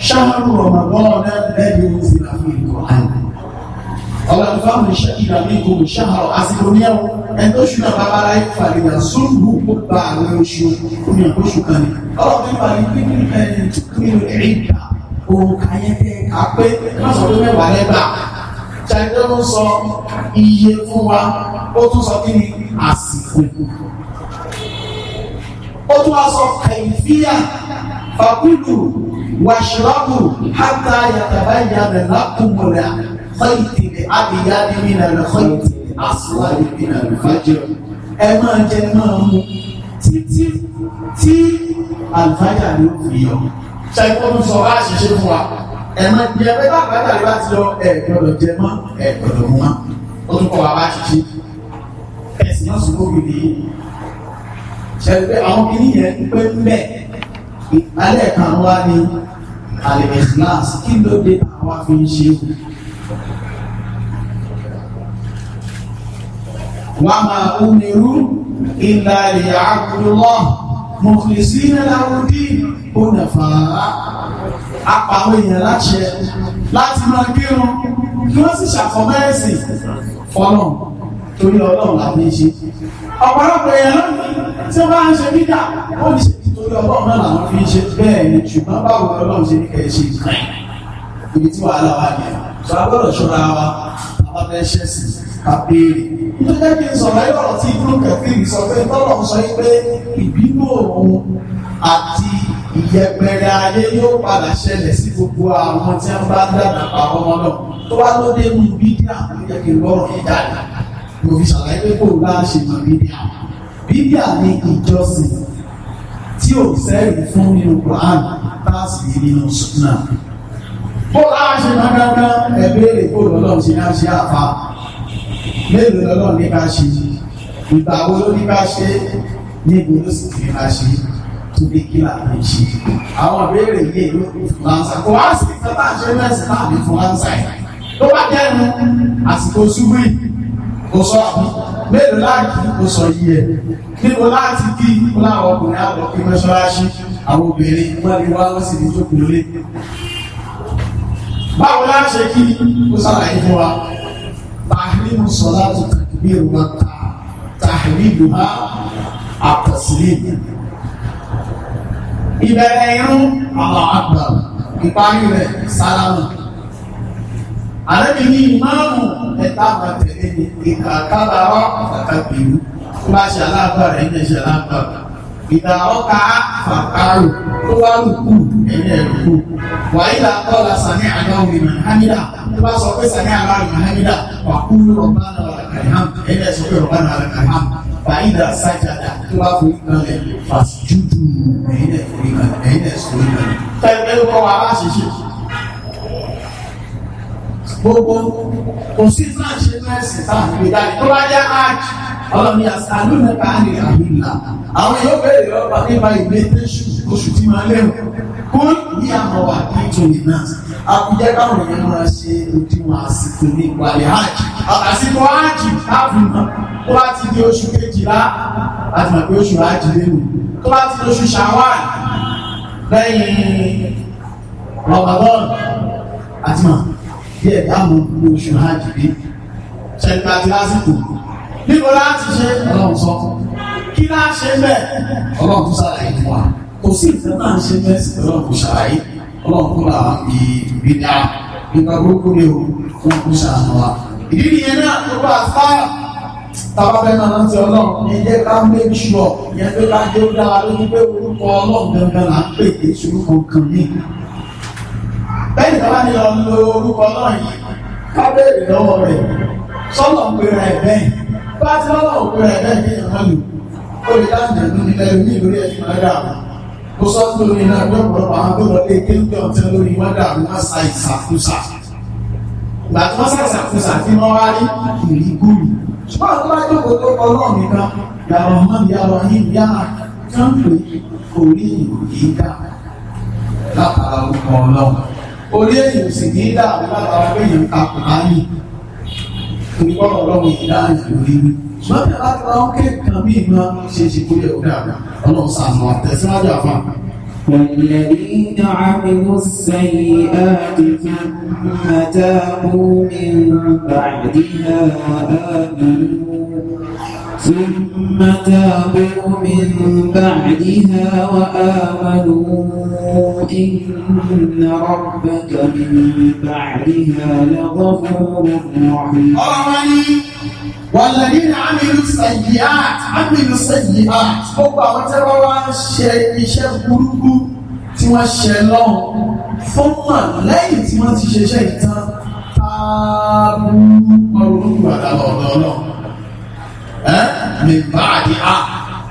ṣáàrù Ramadan náà lẹ́yìn ohun ti làwọn ìlú àná ọlọ́run fáwọn iṣẹ́ ìgbà ní kò ní ṣáàrọ̀ àsìkò ní ẹ̀wọ̀n ẹni tó ṣúná babalá ìfàlìyà sóòlù gbogbo àwọn oṣù ní ọkọ̀ oṣù kan ní ọlọ́run ìfàlìyà nínú ẹ̀yìn tó kí òǹkà yẹn tẹ́ ká pé má sọ pé mẹ́wàá lẹ́gbà ṣáájú ló ń sọ iye fún wa ó tún sọ kí ni àsìkò ó tún wá sọ kàìfíà fàkúlù wàṣíwábù hátà yàtàbá ìyàrá lákùnmọ̀lá kọ́ìtì ní àbíyáde nínú rẹ̀ kọ́ìtì ní àṣìwáde nínú rẹ̀ fàjọ ẹ máa jẹ máa mu títí tí àlùfáàjà ló fi yọ ṣàìkó tó sọ wá àṣìṣe fún wa ẹ̀mọ ìyá pé bá àgbàdo àríwá ti lọ ẹ̀ gbọ́dọ̀ jẹ mọ́ ẹ̀ gbọ́dọ̀ mú mọ́ ó tún kọ́ wa bá ṣiṣẹ́ ẹ̀sìn náà sùn lóbi nìyí ṣẹ̀gbẹ́ àwọn kìnìyàn ń pẹ́ mbẹ́ alẹ́ kan wá ní alẹ́mẹ̀sìláàs kí ló dé àwọn fi ń ṣe wọ́n máa ń nírú ìlàlẹ̀ àkùrọ̀ mọ̀kìlì sí nílá ọdún ó nà fà á apàwọn èèyàn láṣẹ láti máa kírun kí wọ́n sì ṣàfọ̀mọ́ ẹ̀sìn fọ́nà torí ọlọ́run làwọn èṣe ọ̀pọ̀lọpọ̀ èèyàn lónìí tí wọ́n bá ń ṣe dídà ó ní ṣe nítorí ọlọ́run náà làwọn fi ń ṣe bẹ́ẹ̀ ni ṣùgbọ́n báwo ni ọlọ́run ṣe ní kẹ́ ẹ ṣe ìkan ibi tí wàhálà wà ní ẹ̀ sọ agbọ́dọ̀ ṣọ́ra wa abẹ́ṣẹ́ sí abéèrè. Nítorí kí n sọ̀rọ̀ ayé ọ̀rọ̀ tí ibùdó kẹ̀kẹ́ ìsọ̀fẹ́ tọ́lọ̀ sọ pé ìbínú òun àti ìyẹpẹrẹ ayé yóò padà ṣẹlẹ̀ sí gbogbo àwọn tí wọ́n bá ń dàgbà pa ọmọ náà tó wá ló dé mú bídíà tó yẹ kí n lọ́rùn yìí jáde mo fi ṣàlàyé pé kò bá ṣe mọ̀ bídíà bídíà ni ìjọsìn tí ò sẹ́rìí fún nínú Quran táàsì nínú sunna bó a ṣe máa dáadáa ẹ̀bẹ̀rẹ̀ kó lọ́lọ́run ṣe máa ṣe àfa mélòó lọ́lọ́run ní bá ṣe ìgbà wo ló ní bá ṣe níbo ló sì fi máa ṣe tó lé kí làwọn ṣe. Àwọn ìbéèrè yìí ló fi fún lánsá. Kò wá sí ìtàn bá ṣe mẹ́sìn náà ní fún lánsá yìí. Ló bá jẹ́ ẹnu àsìkò ṣubú yìí, kò sọ àbí. Mélòó láàkì kò sọ yìí ẹ̀. Níbo láti kí láwọn ọkùnrin àlọ́ kí mọ́ṣáláṣí àwọn obìnrin wọ́n ní wá wọ́n ní jókòó lé. Báwo la ṣe kí kó sàlàyé fún wa? Tàhílì sọ̀lá tó tàbí ìrùwà tàhílì dùn á àtàsílẹ̀ ìbẹ̀rẹ̀ irun àwọn àgbà ìparí rẹ̀ sálámù. àlẹ́bí ní ìmáàmù ẹ̀ta máa tẹ̀lé ní ìka kábàárọ̀ kàkà pẹ̀lú tó bá ṣe aláàbà rẹ̀ ní ẹ̀ṣẹ̀ aláàbà. ìdá ọkà fàkàrù tó bá rù kù ẹ̀yìn ẹ̀rù kù. wàhálà kọ́lá sani àdáwò ìmọ̀ hamida tó bá sọ pé sani àdáwò ìmọ̀ wà kúrú rọ̀bánà rẹ̀ kàìhàm ẹ̀yìn ẹ̀ṣọ́ pé rọ̀bánà rẹ̀ kàìhàm bàyìdà sájàdà tó bá forí kanlẹ̀ fàṣíjúdù ẹ̀yin ẹ̀ forí kanlẹ̀ ẹ̀yin ẹ̀ sọ̀rọ̀ kanlẹ̀. tẹ́lẹ̀ ló kọ́ wa aláṣẹṣe. gbogbo kò sí náà ṣe mẹ́sì tá a fi dáre tó bá jẹ́ áàjì ọlọ́ni àṣàlù nípa àlè àbílà àwọn yóò béèrè ọba nípa ìgbésẹ̀ṣù oṣù tí máa lẹ́rù kún ní àwọn wà ní ìtòlì náà àkùjẹ́ káwọn èèyàn máa ṣe òdiwọ̀n àsìkò ní ìpàdé áàjì àsìkò áàjì áàbùnà tó bá ti di oṣù kejìlá láti mọ̀ pé oṣù rájì lẹ́nu tó bá ti di oṣù ṣàwáì lẹ́yìn rọ̀bàbọ́n àti mọ̀ díẹ̀ dáhùn oṣù rájì bí ṣẹ̀dá lásìkò níbo láti ṣe ọlọ́run sọ kí láà ṣe mẹ́ ọlọ́run tó ṣàlàyé fún wa kò sí ìfẹ́ náà ṣe mẹ́ sí ọlọ́run kò ṣàlàyé ọlọ́run kò làwọn ìbí dáa nípa burúkú ni o wọn kò ṣàlàyé wa ìdí nìyẹn náà tó bá a sáà tàbá fẹ́ máa rántí ọlọ́run ẹ jẹ́ ká make sure ìyẹn pé ká dé ó dára lójú pé orúkọ ọlọ́run gangan là ń pè é sorúkọ kan ní. bẹ́ẹ̀ni tàbá ni lọ lo orúkọ náà yìí ká béèrè lọ́wọ́ rẹ̀ sọ́lọ̀ ń pè rẹ̀ bẹ́ẹ̀ bá ti lọ́lọ́ ń pè rẹ̀ bẹ́ẹ̀ ní ìrànlọ́ lò ó lè dáhùn ẹ̀dùn nílẹ̀ ní ìlórí ẹ̀sìn máa dà kó sọ́ọ́ tó náà gbọ́dọ̀ àwọn tó lọ lé kéńtọ̀ tí wọ́n dà ìgbà tí wọ́n sàṣà kó sàfihàn wá rí ìrí gúrì ṣùgbọ́n àwọn bá jókòó tó kọ lọ́ọ̀ nìkan yàrá mọ́ yàrá yìí yàrá kan pé orí ìròyìn dà látara orúkọ ọlọ́run orí èyàn sì ní dà látara pé èyàn ta kò bá yìí orúkọ ọlọ́run yìí dá ìròyìn rí ṣùgbọ́n bí látara ó kéèkàn bí ìmọ̀ ṣe ṣe kó yẹ kó ọlọ́run sàmọ̀ tẹ̀síwájú àfọ̀n. والذين عملوا السيئات
ثم تابوا من بعدها آمنوا ثم تابوا من بعدها وآمنوا إن ربك من بعدها لغفور رحيم
wàlẹ́bí ní amílù sayyi'at amílù sayyi'at gbogbo àwọn tẹ́ wọ́n wá ń ṣe iṣẹ́ burúkú tí wọ́n ṣe lọ́hùn fún mà lẹ́yìn tí wọ́n ti ṣeṣẹ́ ìtàn táàbù ọ̀rùn gbàdá lọ́dọ̀ náà ẹ́ mi bá àdì á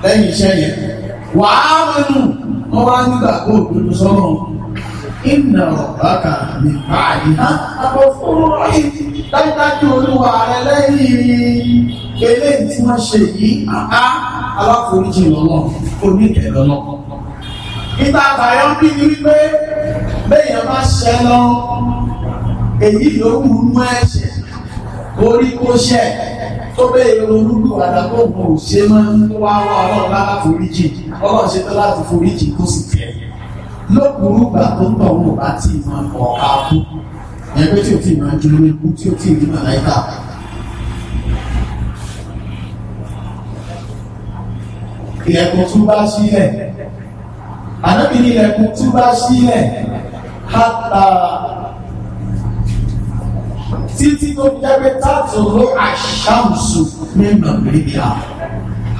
lẹ́yìn iṣẹ́ yẹn wàá mẹ́nu wọ́n wá nígbà tó òdodo sọ́nà iná ọ̀báka mi báyìí. àbọ̀ fún ọ̀rìn dájúdájú olúwa rẹ lẹ́yìn eléyìí tí wọ́n ṣe yìí àá aláforíjì lọ́nà oníkẹ̀ lọ́nà. ìta àbáyọ bí ni wípé béèyàn bá ṣẹ lọ èyí ló wù ú ẹ̀ṣẹ̀ orí kó ṣẹ̀ tó bẹ́ẹ̀ ronúlù àdàpọ̀ mọ̀ ò ṣe ọlọ́run láti foríjì ọlọ́run ṣe tó láti foríjì kó sì lókùrú gbà tó ń tọ̀hún ọ̀bá tí ìmọ̀ ọ̀ká kú ẹgbẹ́ tí ò tí ìmọ̀ ju ewu tí ò tí ìdí màláìka. ilẹ̀kùn tún bá sílẹ̀ ànábì ní ilẹ̀kùn tún bá sílẹ̀ hátà títí tó fi jágbé tàtòrò àṣàmùsù ní mọ̀gbìlìbíà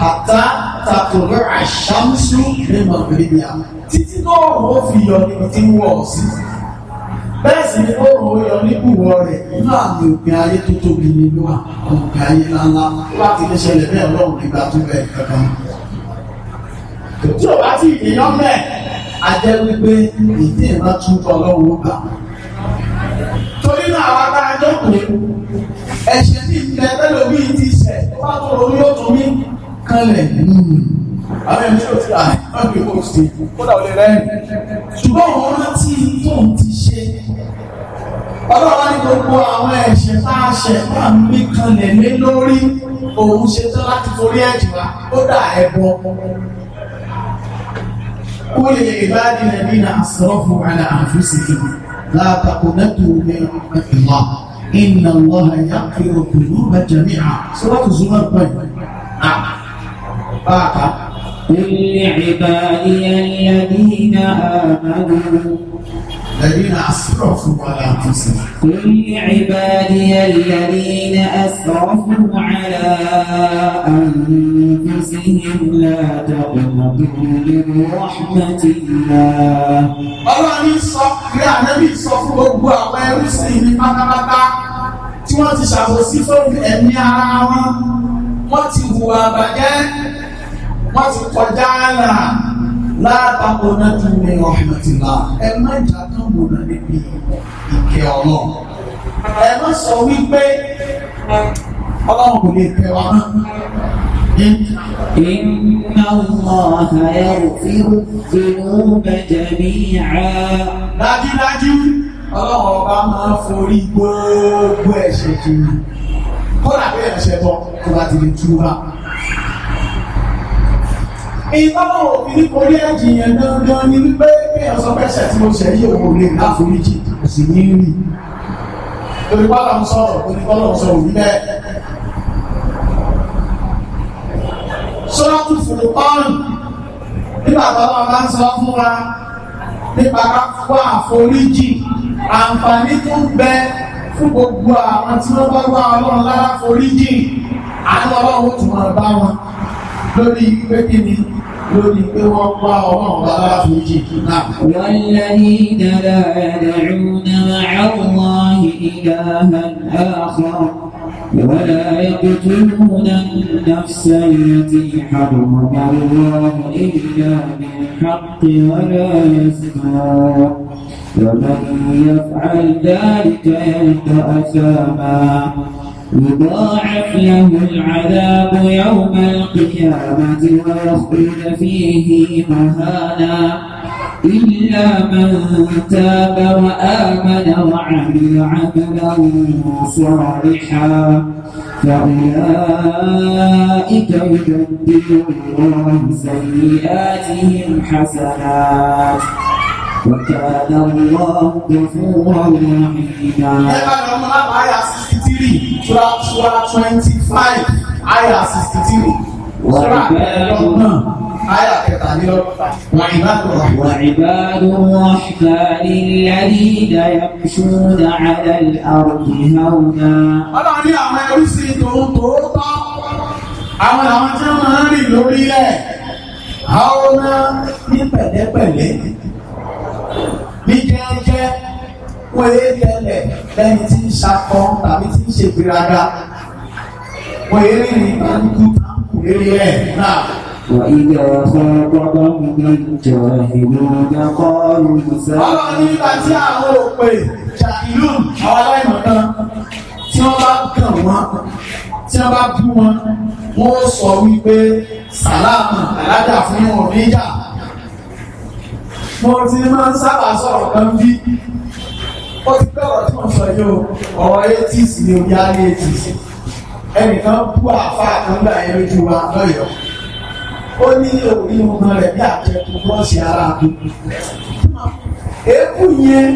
hátà tàtòrò àṣàmùsù ní mọ̀gbìlìbíà títí lóòrùn ó fi yọ níbi tí ń wọ̀ ọ́ sí bẹ́ẹ̀ sì ni lóòrùn ó yọ níbùwọ̀ rẹ̀ nínú àmì òpin ayé tó tóbi nínú àwọn òpin ayé ńláńlá láti lè ṣẹlẹ̀ bẹ́ẹ̀ lọ́rùn nígbà tó bẹ̀rẹ̀ kankan tí o bá ti ìdènà mẹ́ a jẹ́ wípé ìdí ìná tún tọ́ lọ́wọ́ ó gbà. torí náà àwọn adájọ́ kò ẹ̀ṣẹ̀ ní ìpínlẹ̀ pẹ́lú omi ti ṣẹ̀ tó bá tó lórí ó tún mí kanlẹ̀ àwọn ẹni tó ti rà wọn kì í kó ṣe kódà olè rẹ
ṣùgbọ́n àwọn rántí tó ń ti ṣe
ọlọ́wọ́ ní gbogbo àwọn ẹ̀ṣẹ̀ tá a ṣẹ̀ náà mí kanlẹ̀ lé lórí òun ṣetán láti forí ẹ̀jẹ̀ wa kódà ẹ̀bọ
قل لعباد الذين
أسرفوا على أنفسهم لا تقنطوا من رحمة الله إن الله يغفر الذنوب جميعا سورة الزمر قل
لعبادي الذين آمنوا الذين أسرفوا على أنفسهم قل لعبادي الذين أسرفوا على أنفسهم لا تقنطوا من رحمة الله
ọlọ́run ní sọ rí ànábì sọ fún gbogbo àwọn ẹrú sí ní pátápátá tí wọ́n ti ṣàbòsí fún ẹ̀mí ara wọn wọ́n ti hùwà bàjẹ́ wọ́n ti kọjá ààlà látàkọ náà tún ní ọ̀hìnàtìlá ẹ má jà kán wò náà níbi ìkẹ́ ọlọ́run ẹ má sọ wípé ọlọ́run kò lè tẹ wa náà. إن الله
يغفر الذنوب جميعا dájúdájú
ọlọ́run ọba máa ń forí gbogbo ẹ̀ṣẹ̀ jù kódà bí ẹ̀ṣẹ̀ bọ́ ìtọ́nà òfin orí ẹ̀jìyàn dandan ni wípé kéèyàn sọ pé ẹ̀ṣẹ̀ tí mo ṣẹ̀ yìí òun lè láforíjì kò sì ní rí torí pálá ń sọ̀rọ̀ torí pálá ń sọ̀rọ̀ wípé sọ́dọ̀ tún fòrò pọ́ùn nígbà tọ́lá ọ̀gá ń sọ fún wa nípa káfíwá àforíjì àǹfààní tó ń bẹ fún gbogbo àwọn tí wọ́n bá wá ọlọ́run lára foríjì àwọn ọlọ́run ó tún máa bá wọn lórí pé kí ni والذين لا يدعون
مع الله إلها آخر ولا يقتلون النفس التي حرم الله إلا بالحق ولا يزنى ومن يفعل ذلك يلقى أثاما يضاعف له العذاب يوم القيامة ويخلد فيه مهانا إلا من تاب وآمن وعمل عملا صالحا فأولئك يبدل الله سيئاتهم حسنات وكان الله غفورا رحيما
sixty three sura twenty five aya sixty three sura kẹtàlélọ́gbọ̀n aya
kẹtàlélọ́gbọ̀n wà ìbádùn rà. wà ìbádùn rọ̀ṣùkàlì lẹ́rí ìdáyàmùsùn àdá àrùn ìhàwùdá. ọlọ́run ní àwọn ẹrú sí tòun tòótọ́
àwọn tí wọ́n máa ń rìn lórílẹ̀ àwọn ní pẹ̀lẹ́pẹ̀lẹ́ ní jẹ́jẹ́ wọ́n èé tẹ́lẹ̀ lẹ́ni tí ń ṣakọ tàbí tí ń ṣe gbéraga wọ́n èé rìnrìn ìbánikú táǹkù lérí ẹ̀ náà. وإذا خاطبهم
الجاهلون قالوا سلاما. Ọlọ́run ní ìgbà
tí àwọn òpè jàìlú àwọn aláìmọ̀tán tí wọ́n bá kàn wọ́n tí wọ́n bá bú wọn wọ́n sọ wípé sàlámà àlájà fún wọn níjà. Mo ti máa ń sábà sọ̀rọ̀ kan bí ó ti pẹ́ ọ̀rọ̀ tí wọ́n sọ yìí o ọ̀rọ̀ eighties ni omi á ní eighties ẹnìkan bú àfa àkàngbà yẹn lójú wa lọ́yọ̀ọ́ ó ní òní ọmọ rẹ̀ bí àjẹkù bọ́ọ̀sì ara àdúgbò èébú yẹn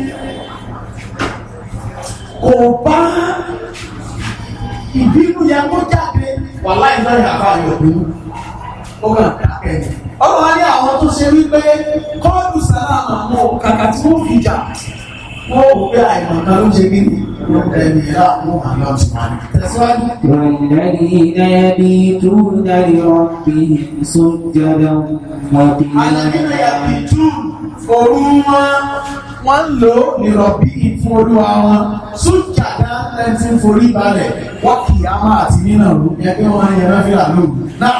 kò bá ìbínú yẹn kó jáde wà láì náà yàrá ìyọ̀bínú ó kàn dákẹ́ ni ọlọ́wọ́ ní àwọn tó ṣe wípé kọ́ọ̀dù sálámà mọ́ kàkà tí wọ́n fi jà wọ́n wò pé àìmọ̀ kan ló ṣe kí ni ló ń tẹ̀lé láàánú àlọ́ ìsìnkú. tẹ̀síwájú. والذين
يبيتون لربهم سجدا وقياما. الذين
يبيتون òru wọn wọ́n lò nírọ̀bì fún olúwa wọn sùjàdá lẹ́ńtì forí balẹ̀ wọ́n kì í á máa àti nínà rú ẹgbẹ́ wọn yẹn lọ́fíà lóògùn náà.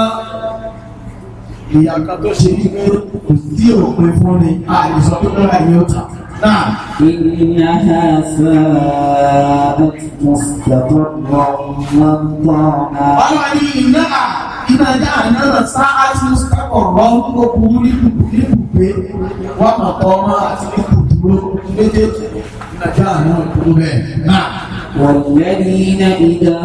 ìyá kan tó ṣe ní pé kò sí òpin fún ni àìsàn tó lọ́ra ìyẹn ó ta. إنها
ساءت مستقرا ومطعما
أعني إنها إذا جعلنا ساءت مستقرا وكبولي كبولي كبولي ومطعما أتكي كبولي كبولي كانوا يكتبون
نعم والذين إذا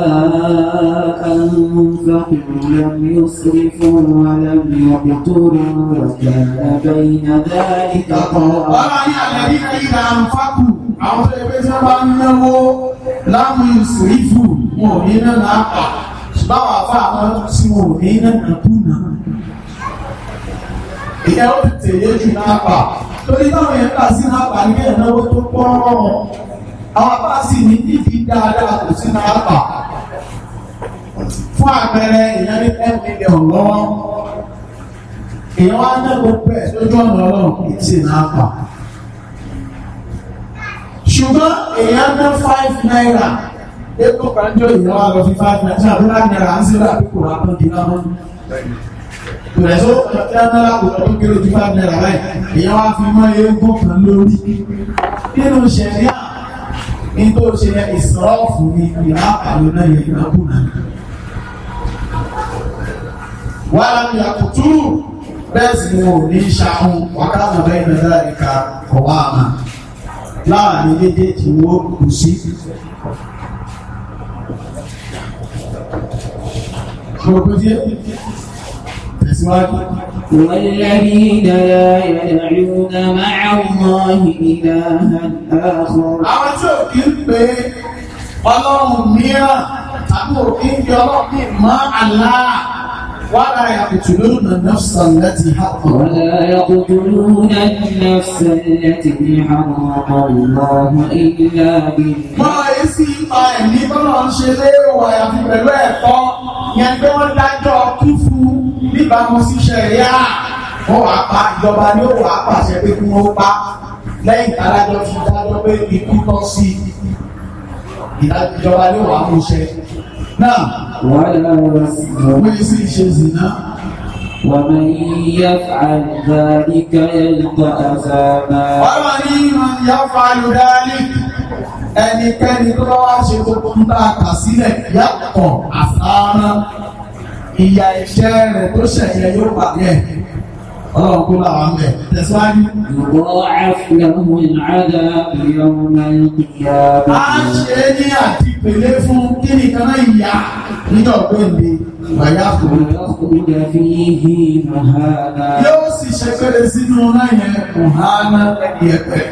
أنفقوا لم يسرفوا ولم يقتروا وكان بين ذلك قرارا
الذين إذا أنفقوا àwọn ẹgbẹ́ tí wọ́n bá ń náwó láàmú ìsìrífù wọn ò ní náà náà pa báwọn àfa àwọn tí wọn ò ní náà náà kú náà ìyẹn ó tètè yé jù náà pa torí táwọn yẹn gbà sínú àpà ní kẹ́yìn náwó tó pọ́n àwọn apá sì ní ìfi dáadáa kò sínú àpà fún àpẹẹrẹ èèyàn ní ten million lọ́wọ́ èèyàn wá ná gbogbo ẹ̀ lójú ọ̀nà ọlọ́run kì í sínú àpà ṣùgbọ́n èèyàn ná five naira ètò kanjọ ìyẹn wà lọ fi five naira ṣáà bí láti náírà ń sílẹ̀ àbíkò wà tó di náà mọ́ ìrẹsọ tẹ́lá kò tó kéré ju five naira láì èèyàn wá fi mọ́ eégún kan lórí nínú ṣẹ̀ríà ní tó ṣe ìsọ́ọ̀fù ni ìlà àpàlọ́ náà yẹ ìnákùnà wàhálà ni àkùtù bẹ́ẹ̀ sì ni ò ní ṣàhùn wákàtà bẹ́ẹ̀ nàìjíríà ìka ọ̀wá àmà láàrin méjèèjì wo kù sí.
Gbogbo والذين لا يدعون مع الله إلها آخر
ولا يقتلون النفس التي حرم الله إلا بالحق. ولا يقتلون
النفس التي حرم الله إلا بالحق.
ما يسيء ما يميت ولا يشيء ولا يفيد ولا يفقه. يندم níbàámu síṣẹ́ rí à wọ́n wàá pa ìjọba ni ó wàá pàṣẹ pé kí wọ́n pa lẹ́yìn tàdájọ́ ti dájọ́ pé ikú tọ́ sí ìjọba ni ó wàá mú ṣe náà wọ́n
yìí sì ṣe zìnà. ومن يفعل ذلك يلقى أثاما
ومن يفعل ذلك ẹnikẹ́ni tó bá wá ṣe gbogbo ń bá a kà sílẹ̀ yàtọ̀ àsáárá ìyà ẹ̀ṣẹ̀ rẹ̀ tó ṣẹ̀yẹ yóò pàdé ẹ̀ ọlọ́run kó bá wọn bẹ̀
tẹ̀síwájú. ọ̀rọ̀ àfihàn ìnáda ìyàwó náà ń kíyà.
a ṣe ní àtìpélé fún kí nìkan náà yà nígbà ògbéǹde ìwàyà kò. yóò sì ṣe péré sínú náà yẹn kò hánà ẹ̀yẹ̀pẹ̀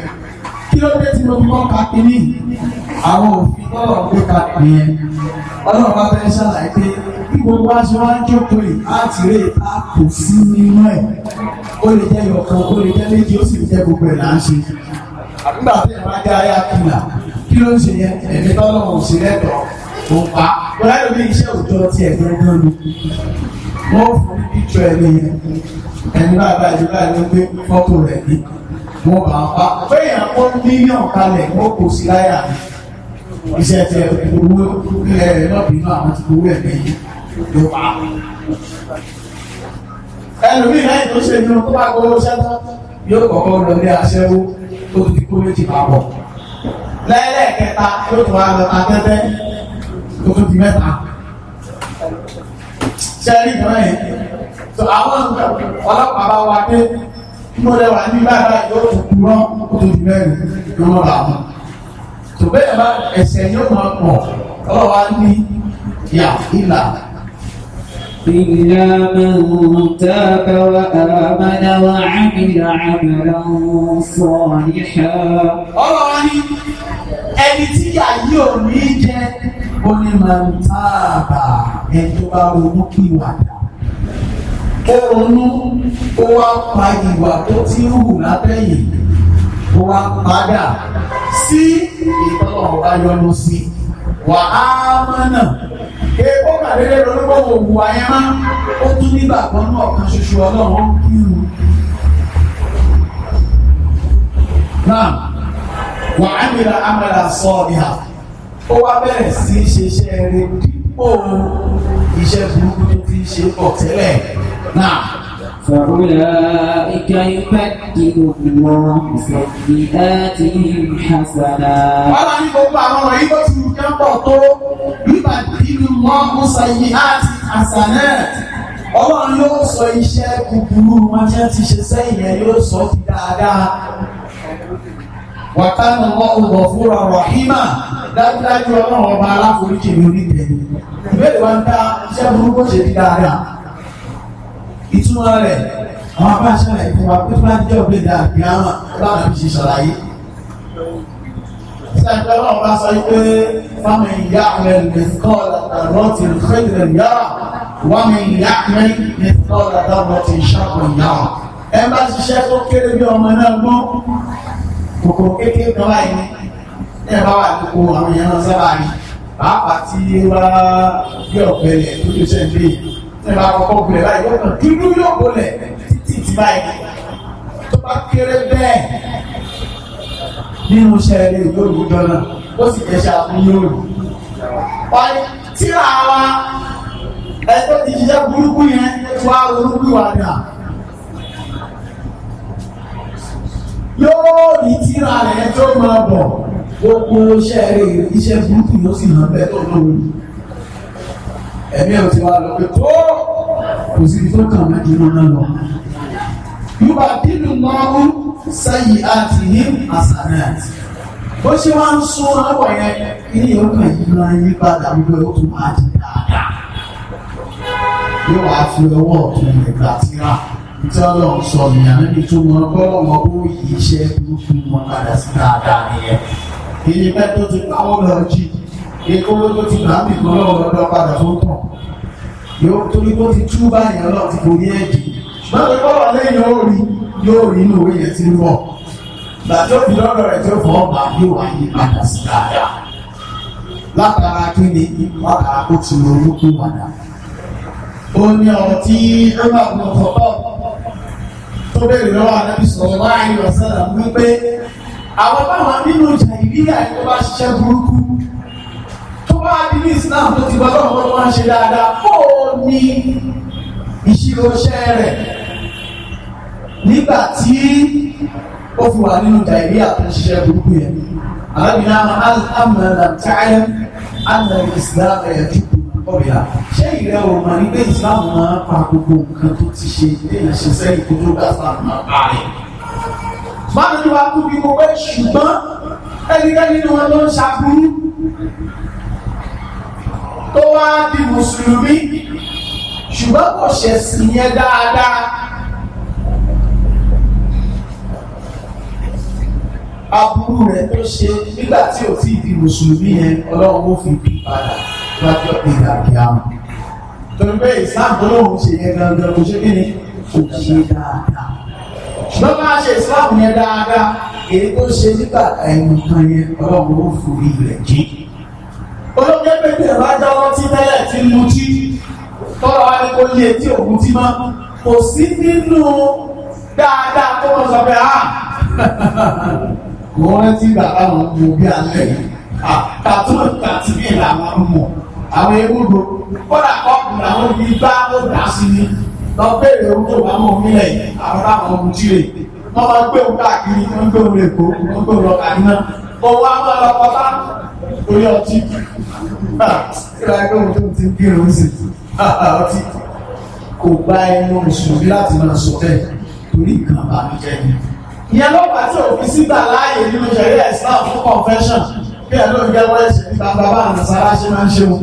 kí ló dé tí mo fi kọ́ ka kínní àwọn òfin tọ́lọ̀ gbé ka nìyẹn ọlọ́run bá fẹ́ ṣàlàyé pé bí gbogbo aṣọ wa ń jókòó yìí láti rí ìta kò sí nínú ẹ̀ ó lè jẹ́ ìyọ̀kan ó lè jẹ́ méjì ó sì lè jẹ́ gbogbo ẹ̀ là ń ṣe nígbà tí ẹ̀ máa jẹ́ aya kìlà kí ló ń ṣe yẹn ẹ̀mí tọ́lọ̀ sí lẹ́tọ̀ọ́ kò pa bóyá lóbi iṣẹ́ òjò tiẹ̀ gbọ́ngàn ni wọ́n fún mi mo bá ń bá fẹ́yàn kó mílíọ̀n kalẹ̀ mo kò sí láyà iṣẹ́ tẹ owó ẹ lọ́bìnú àwọn ti owó ẹ̀mí ló bá ẹlòmíì lẹ́yìn tó ṣe nínú tó bá gbowó sẹ́tọ́ yóò kọ́kọ́ lọ ní aṣẹ́wó tó ti kó méjì papọ̀ lẹ́lẹ́kẹta yóò tún wá lọ ta tẹ́tẹ́ tó tún di mẹ́ta ṣẹ́rí ìtàn yìí àwọn ọlọ́pàá bá wá dé ìmọ̀lẹ̀ wà ní bàbá yóò tó kú rán kó tó di mẹ́rin kí wọ́n bá wọn. tó bẹ́ẹ̀ bá ẹ̀sẹ̀ yóò máa pọ̀ ọ̀rọ̀ wa ní yà ìlà.
إلا من تاب وآمن وعمل عملا صالحا
ọ̀rọ̀ ni ẹni tí yà yóò rí jẹ́ onímọ̀ ń tààbà bá ronú kí wàdà. ó ronú pa ìwà tó ti ń hù látẹ̀yìn wá padà sí ìtọ́lọ́wọ́ bá sí wà á mọ́nà epo kàdédé lórúkọ òwú o ó tún nígbàgbọ́ náà kan ṣoṣo ọlọ́run kírun. náà wà á nira sọ ìhà ó wá bẹ̀rẹ̀ sí ṣe iṣẹ́ dípò iṣẹ́ burúkú ti ṣe pọ̀ نعم فأولئك يبدل
الله سيئاتهم حسنات
ọlọ́run ní gbogbo àwọn ọ̀rọ̀ yìí ló ti rú kẹ́ pọ̀ tó yubadilu Allahu sayyi'ati hasanat ọlọ́run yóò sọ iṣẹ́ kúkúrú wọn tí wọ́n ti ṣe sẹ́yìn yẹn yóò sọ ti dáadáa wàtánù ọ̀gbọ̀ fúnra rahima dájúdájú ọlọ́run ọba aláforíjì lórí tẹ̀lé ìbéèrè wa ń ta iṣẹ́ burúkú ṣe ti dáadáa ìtumọ̀ rẹ̀ àwọn abá ṣàlàyé fún wa pé fúlá jẹ́ òbí dà bí àwọn ọlọ́run fi ṣe ṣàlàyé. sẹ́ńtẹ́ ọlọ́run bá sọ pé fáwọn ìyá rẹ̀ lè kọ́ ọ̀rọ̀ ti fẹ́ rẹ̀ yára wọ́n mi ìyá rẹ̀ lè kọ́ ọ̀rọ̀ ti ṣàkóyá yára. ẹ bá ṣiṣẹ́ tó kéré bí ọmọ náà gbọ́ kòkòrò kékeré kan láì ẹ bá wà kókó àwọn èèyàn náà sábà rí pàápàá tí wọ́n bí ọ̀pẹ rẹ̀ tó ẹ̀rọ àkọ́kọ́ gbolẹ̀ báyìí yóò dúdú yóò gbolẹ̀ títí ti báyìí tó bá kéré bẹ́ẹ̀ nínú sẹ́ẹ̀rẹ́ ìlóòrù dọ́nà ó sì jẹ́ sàkún yóòrù. wáyé tíra wa ẹgbẹ́ ti ṣiṣẹ́ burúkú yẹn tó wá orúkú wa dà. yóò rí tíra rẹ̀ tó máa bọ̀ gbogbo sẹ́ẹ̀rẹ́ iṣẹ́ burúkú yóò sì hàn bẹ́ẹ̀ tó lóòrù ẹ̀mí ò ti wá lọ pé tó kò sí tó kàn mí ìlú náà lọ. Yorùbá bínú máa ń sáyì àti ní àṣàrẹ̀ àti. Bó ṣe máa ń sún àwọ̀ yẹn ní ọkàn yìí máa ń yí padà wípé ó tún máa di dáadáa. Yóò wá fi ọwọ́ ọ̀tún rẹ̀ gbà tíra tí ọlọ́run sọ ìyàrá ní túmọ̀ bọ́lọ́mọ bó yìí iṣẹ́ burúkú wọn padà sí dáadáa nìyẹn. Èyí tó ti pàwọ́ lọ jí ìkóró tó ti gbà mí kan lọ́wọ́ lọ́dọ́ padà tó ń tàn yóò torí tó ti tú báyìí ọlọ́run ti borí ẹ̀jì ṣùgbọ́n tó bọ́wọ́ lẹ́yìn yóò rí yóò rí inú òwe yẹn ti ń bọ̀ gbàjọ́ fi lọ́dọ̀ rẹ̀ tó fọ́ ọ̀gbà yóò wá yí padà sí dáadáa látara kí ni látara kó ti lo olókùn padà ó ní ọ̀rọ̀ tí ẹgbẹ́ àbúrò kọ̀ọ̀kọ̀ tó bẹ̀rẹ̀ lọ́wọ́ àdábì sọ̀rọ̀ láàrin ọ̀sán àwọn báwọn nínú ìjà ìbílẹ̀ àyíkọ́ bá ṣiṣẹ́ burúkú wá di ní Islam tó ti gbọ́dọ̀ wọn wá ṣe dáadáa ó ní ìṣiròṣẹ́ rẹ̀ nígbà tí ó fi wà nínú Nàìjíríà tó ń ṣiṣẹ́ burúkú yẹn àbábìnrin àwọn amọ̀nà táyà àmọ̀ Islam ẹ̀yà tó ọ̀yà ṣé ìrẹ́ o mà ní pé Islam máa ń pa gbogbo nǹkan tó ti ṣe èèyàn ṣe sẹ́yìn tó tó bá Islam máa pa rẹ̀. máa ní wàá kú bí mo pé ṣùgbọ́n ẹnikẹ́ni ni wọ́n ló ń ṣàbùrú tó wá di mùsùlùmí ṣùgbọ́n kò ṣẹ̀sìn yẹn dáadáa. aburú rẹ̀ tó ṣe nígbà tí ò tí ì di mùsùlùmí yẹn ọlọ́run ó fi bí padà lọ́jọ́ ìgbàgbé àwọn torí pé islam tó lóun ṣe yẹn gangan kò ṣe kíni kò ṣe dáadáa ṣùgbọ́n bá a ṣe islam yẹn dáadáa èyí tó ṣe nígbà ẹ̀yìn kan yẹn ọlọ́run ó forí rẹ̀ jí olóògbé pété bá jáwọ́ tí tẹ́lẹ̀ ti mu tí tọ́lá wa ní kó lé etí òun tí mọ́ kò sí nínú dáadáa tó mọ̀ sọ pé ah kò wọ́n ti gbà láwọn mú bí alẹ́ kàtúmọ̀ kàtí bí làwọn mọ̀ àwọn ewúro kódà kọ́ọ̀kù làwọn fi bá ó dà sí ni lọ bẹ̀rẹ̀ owó tó bá mọ̀ mílẹ̀ àwọn táwọn ọmọ jíire wọ́n máa ń gbé òun káàkiri wọ́n ń gbé òun lè kó wọ́n ń gbé òun lọ kàdínà owó àwọn ọlọ́pàá orí ọtí kíra ẹgbẹ́ wọn tó ti ń kí irun sí ọtí kò gba ẹnu mùsùlùmí láti máa sọ bẹ́ẹ̀ torí nǹkan àbàmìjẹ́ ni. ìyẹn ló bá tí òfin sígbà láàyè nínú ìṣẹ̀lẹ̀ Islam fún confession bí ẹ̀ ló ń jẹ́wọ́ ẹ̀ṣẹ̀ nípa bàbá ànàsárá ṣe máa ń ṣe wọn.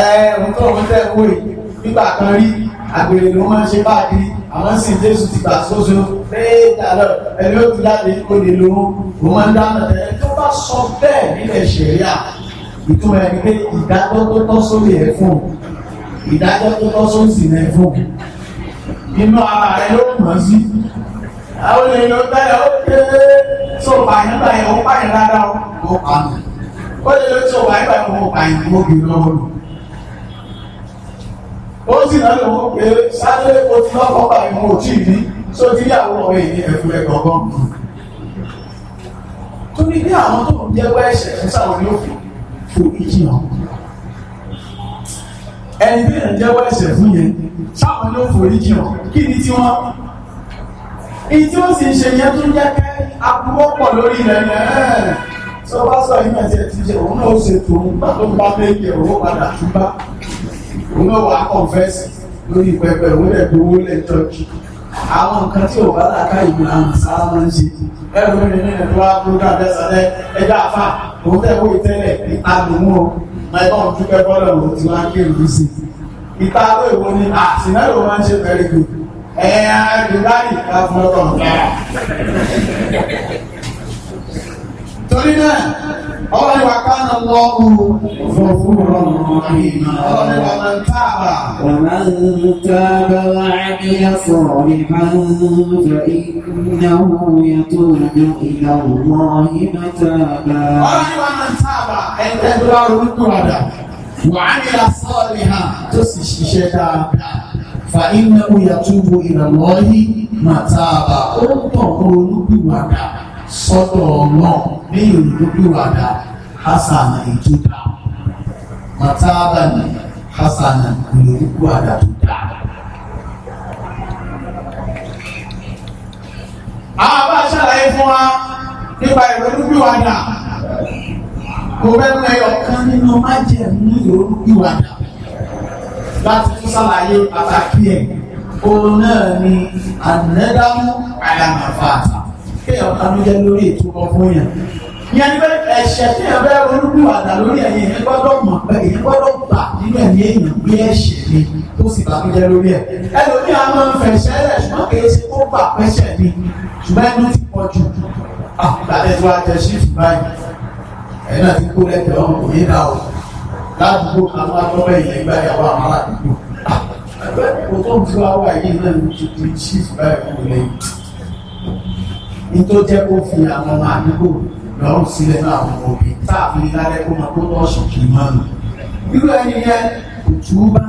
ẹ ẹ̀rùn tó ń tẹ́ wòye nígbà kan rí àgbèrè ló máa ń ṣe báàkiri àwọn sì Jésù ti gbà sóso ẹ̀ ẹ̀ dàlọ́ ẹ̀ ló ti jáde ó lè lóhùn òun máa ń dáná ẹ̀ tó bá sọ bẹ́ẹ̀ nílẹ̀ ṣẹ̀ríà ìtumọ̀ ẹni pé ìdájọ́ tó tọ́ sórí ẹ̀ fún ìdájọ́ tó tọ́ sórí sí ẹ̀ fún inú ara rẹ ló mọ̀ sí àwọn èèyàn bẹ́ẹ̀ ó dé tó pààyàn báyìí ó pààyàn dáadáa ó pààyàn ó lè lọ tó pààyàn báyìí ó pààyàn ó bì lọ́wọ́ lò ó sì náà lè wọ́n pé sáré o ti lọ́kọ̀ọ́ báyìí mo ò tí ní sójú ọ̀rẹ́ yìí ẹ̀fọ́ ẹ̀ gbọ̀ngàn torí bí àwọn tó ń jẹ́wọ́ ẹ̀ṣẹ̀ fún sáwọn yóò fi foríjì hàn ẹni tí ń jẹ́wọ́ ẹ̀ṣẹ̀ fún yẹn sáwọn yóò foríjì hàn kí ni tí wọ́n èyí tí ó sì ń ṣe yẹn tó ń jẹ́ kẹ́ aburú pọ̀ lórí rẹ̀ náà tí wọ́n bá sọ yìí náà tiẹ̀ ti jẹ òun náà ó ṣe tòun bá tó ń bá méjì owó padà túbá òun náà wàá kọ̀ǹfẹ́sì lórí pẹpẹ òun lẹ̀ gbowó lẹ̀ àwọn nǹkan tí ò bá làákà ìgbìmọ̀ àmì sáà máa ń ṣe ẹlòmíràn nínú ẹ̀dọ́ program lẹ́sàn lẹ́ ẹjọ́ àfà òun tẹ̀ wọ́n ìtẹ́lẹ̀ ìta lòun o máa bá òun dúpẹ́ bọ́lá òun ti máa kí ìlú sí ìta ló èwo ni àsìnà ló máa ń ṣe fẹ́rẹ́ gbò ẹ̀yà ẹ̀dùnláyì ká fún ọkọ̀ torí náà ọ̀rọ̀ ìwà kánà lọ́rù fọ̀fúrọ̀ ìmọ̀ ọ̀rọ̀ ìwà máa ń tábà. wà máa ń
tábà wà ábíyá sọ̀rọ̀ ní máa ń fẹ́ ìnáwó tó lọ ìnáwó wọn ìmọ̀ ó ń tọ̀
ọ́ olúkúwàdà sọ́dọ̀ ọlọ́run ní ìròdókòwàdà hasana ètò dá màtáàbà ní hasana ìròdókòwàdà tó dá. àbá ṣàlàyé fún wa nípa ìròdókòwàdà kò bẹ́ẹ̀ mọ ẹyọ kan nínú májẹ̀mú ìròdókòwàdà láti tún ṣàlàyé pàtàkì ẹ̀ òun náà ni ànádàmú àyàmàfàtà kéèyàn kanújẹ́ lórí ìtumọ̀ fún yàn yẹn ní bẹ́ẹ̀ ẹ̀ṣẹ̀ kéèyàn bẹ́ẹ̀ olúkú àdá lórí ẹ̀yìn ẹ̀ gbọ́dọ̀ mọ̀ pé èyàn gbọ́dọ̀ gbà nínú ẹ̀mí èèyàn bí ẹ̀ṣẹ̀ ni tó sì kanújẹ́ lórí ẹ̀ ẹlòmíì a máa ń fẹ̀ṣẹ̀ rẹ̀ ṣùgbọ́n kì í ṣe kó gbà pẹ́ṣẹ̀ ni ṣùgbọ́n ẹnu ti pọ̀ jù àgbàdẹ́tò àjẹsí ìfúnbáyìí ẹ̀yìn náà ti kó lẹ́tọ̀ọ́ kò ní tó jẹ́ kó fi àwọn ọmọ àdúgbò lọ́rùn sílẹ̀ náà àwọn òbí tá a fi lálẹ́ kó máa kó tọ́ọ̀ṣì kì í máa nù. irú ẹni yẹn kò tú bá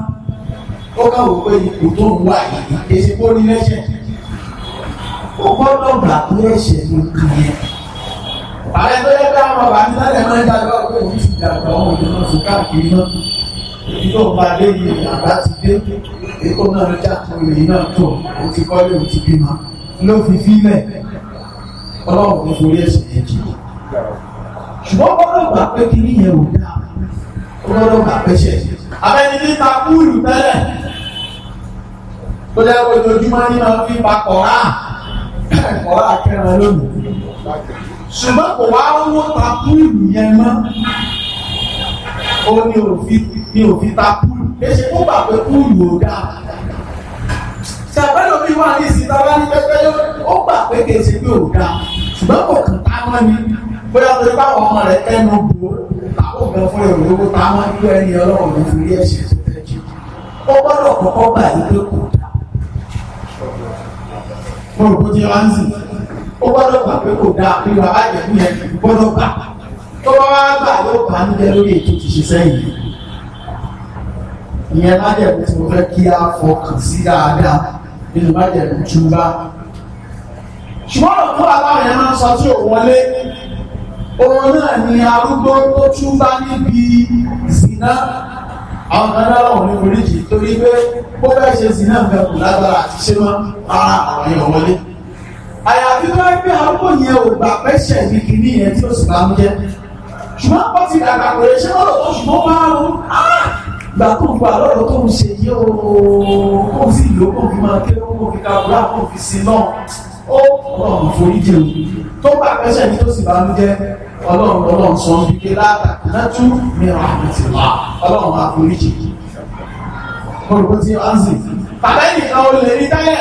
ó káwọ́ pé ipò tó ń wà yìí èsì kó ní lẹ́sẹ̀. ó gbọ́dọ̀ gbà pé ẹ̀ṣẹ̀ ló kàn yẹn. ààrẹ tó yẹ ká àwọn bàbá nílẹ̀ lè máa ń dájọ́ pé òun ti dàgbà òun ìlú náà fún káàkiri náà. èyí tó ń bá dé yìí àbá ti dé èkó náà já tó ìrìn náà tó òun ti kọ́lé òun ti bímọ ló fi fílẹ̀ ọlọ́run ní forí ẹ̀sìn yẹn jì í ṣùgbọ́n gbọ́dọ̀ gbà pé kiri yẹn ò dáa gbọ́dọ̀ gbà pé ṣe abẹ́ni ní takú ìlú tẹ́lẹ̀ tó jẹ́ pé ojoojúmọ́ ní máa fi pa kọ̀ọ̀rá kọ̀ọ̀rá kẹrin lónìí ṣùgbọ́n kò wá owó takú ìlú yẹn mọ́ ó ní òfin ní òfin takú ìlú kí ṣe kó gbà pé kú ìlú ò dáa ṣàbẹ́ lómi wà ní ìsìta wá ní pẹ́pẹ́ ó gbà pé kì í ṣe pé ò dáa ṣùgbọ́n kò kàn tá mọ́ ni bóyá torí báwọn ọmọ rẹ̀ ẹnu bò ó àwọn ọmọ fún èrò owó tá mọ́ nílò ẹni ọlọ́run ló fi rí ẹ̀ṣẹ̀ tó fẹ́ jù ó gbọ́dọ̀ kọ́kọ́ gbà yí pé kò dáa mo rò bó jẹ́ wá ń sìn ó gbọ́dọ̀ gbà pé kò dáa pé bàbá ìjẹ̀bú yẹn gbọ́dọ̀ gbà tó bá wá gbà yóò bá nílẹ̀ lórí ètò ti ṣe sẹ́yìn ìyẹn má dẹ̀ tí mo fẹ́ kí á fọkàn sí dáadáa bíi májẹ̀mú túbá ṣùgbọ́n òkú aláwọ̀ yẹn máa ń sọ tí òun òun náà ni arúgbó tó túbá níbi zina àwọn kan náà lọ́wọ́ ní oríjì torí pé bó bẹ́ẹ̀ ṣe zina ń bẹ̀ kù lágbára àti ṣé mọ́ ara àwọn èèyàn wọlé àyàfi tó wáyé pé arúgbó yẹn ò gbà pẹ́ṣẹ̀ ní yẹn tí ó sì bá ń jẹ́ ṣùgbọ́n ó ti dàgbà pé ṣé wọ́n lò ó ṣùgbọ́n máa ń gbà tó gbà lọ́dọ̀ tó ń ṣe yí lò kó fi máa ké kó fi ka wúrà kó fi sí náà ó ọlọ́run foríjì o tó bá pẹ́sẹ̀ ní tó sì bá ń jẹ́ ọlọ́run ọlọ́run sọ ń bíi látàkì látú ní ọ̀hún ti wá ọlọ́run àforíjì olùkọ́ ti ọ́nzì bàbá ènìyàn ó lè rí táyà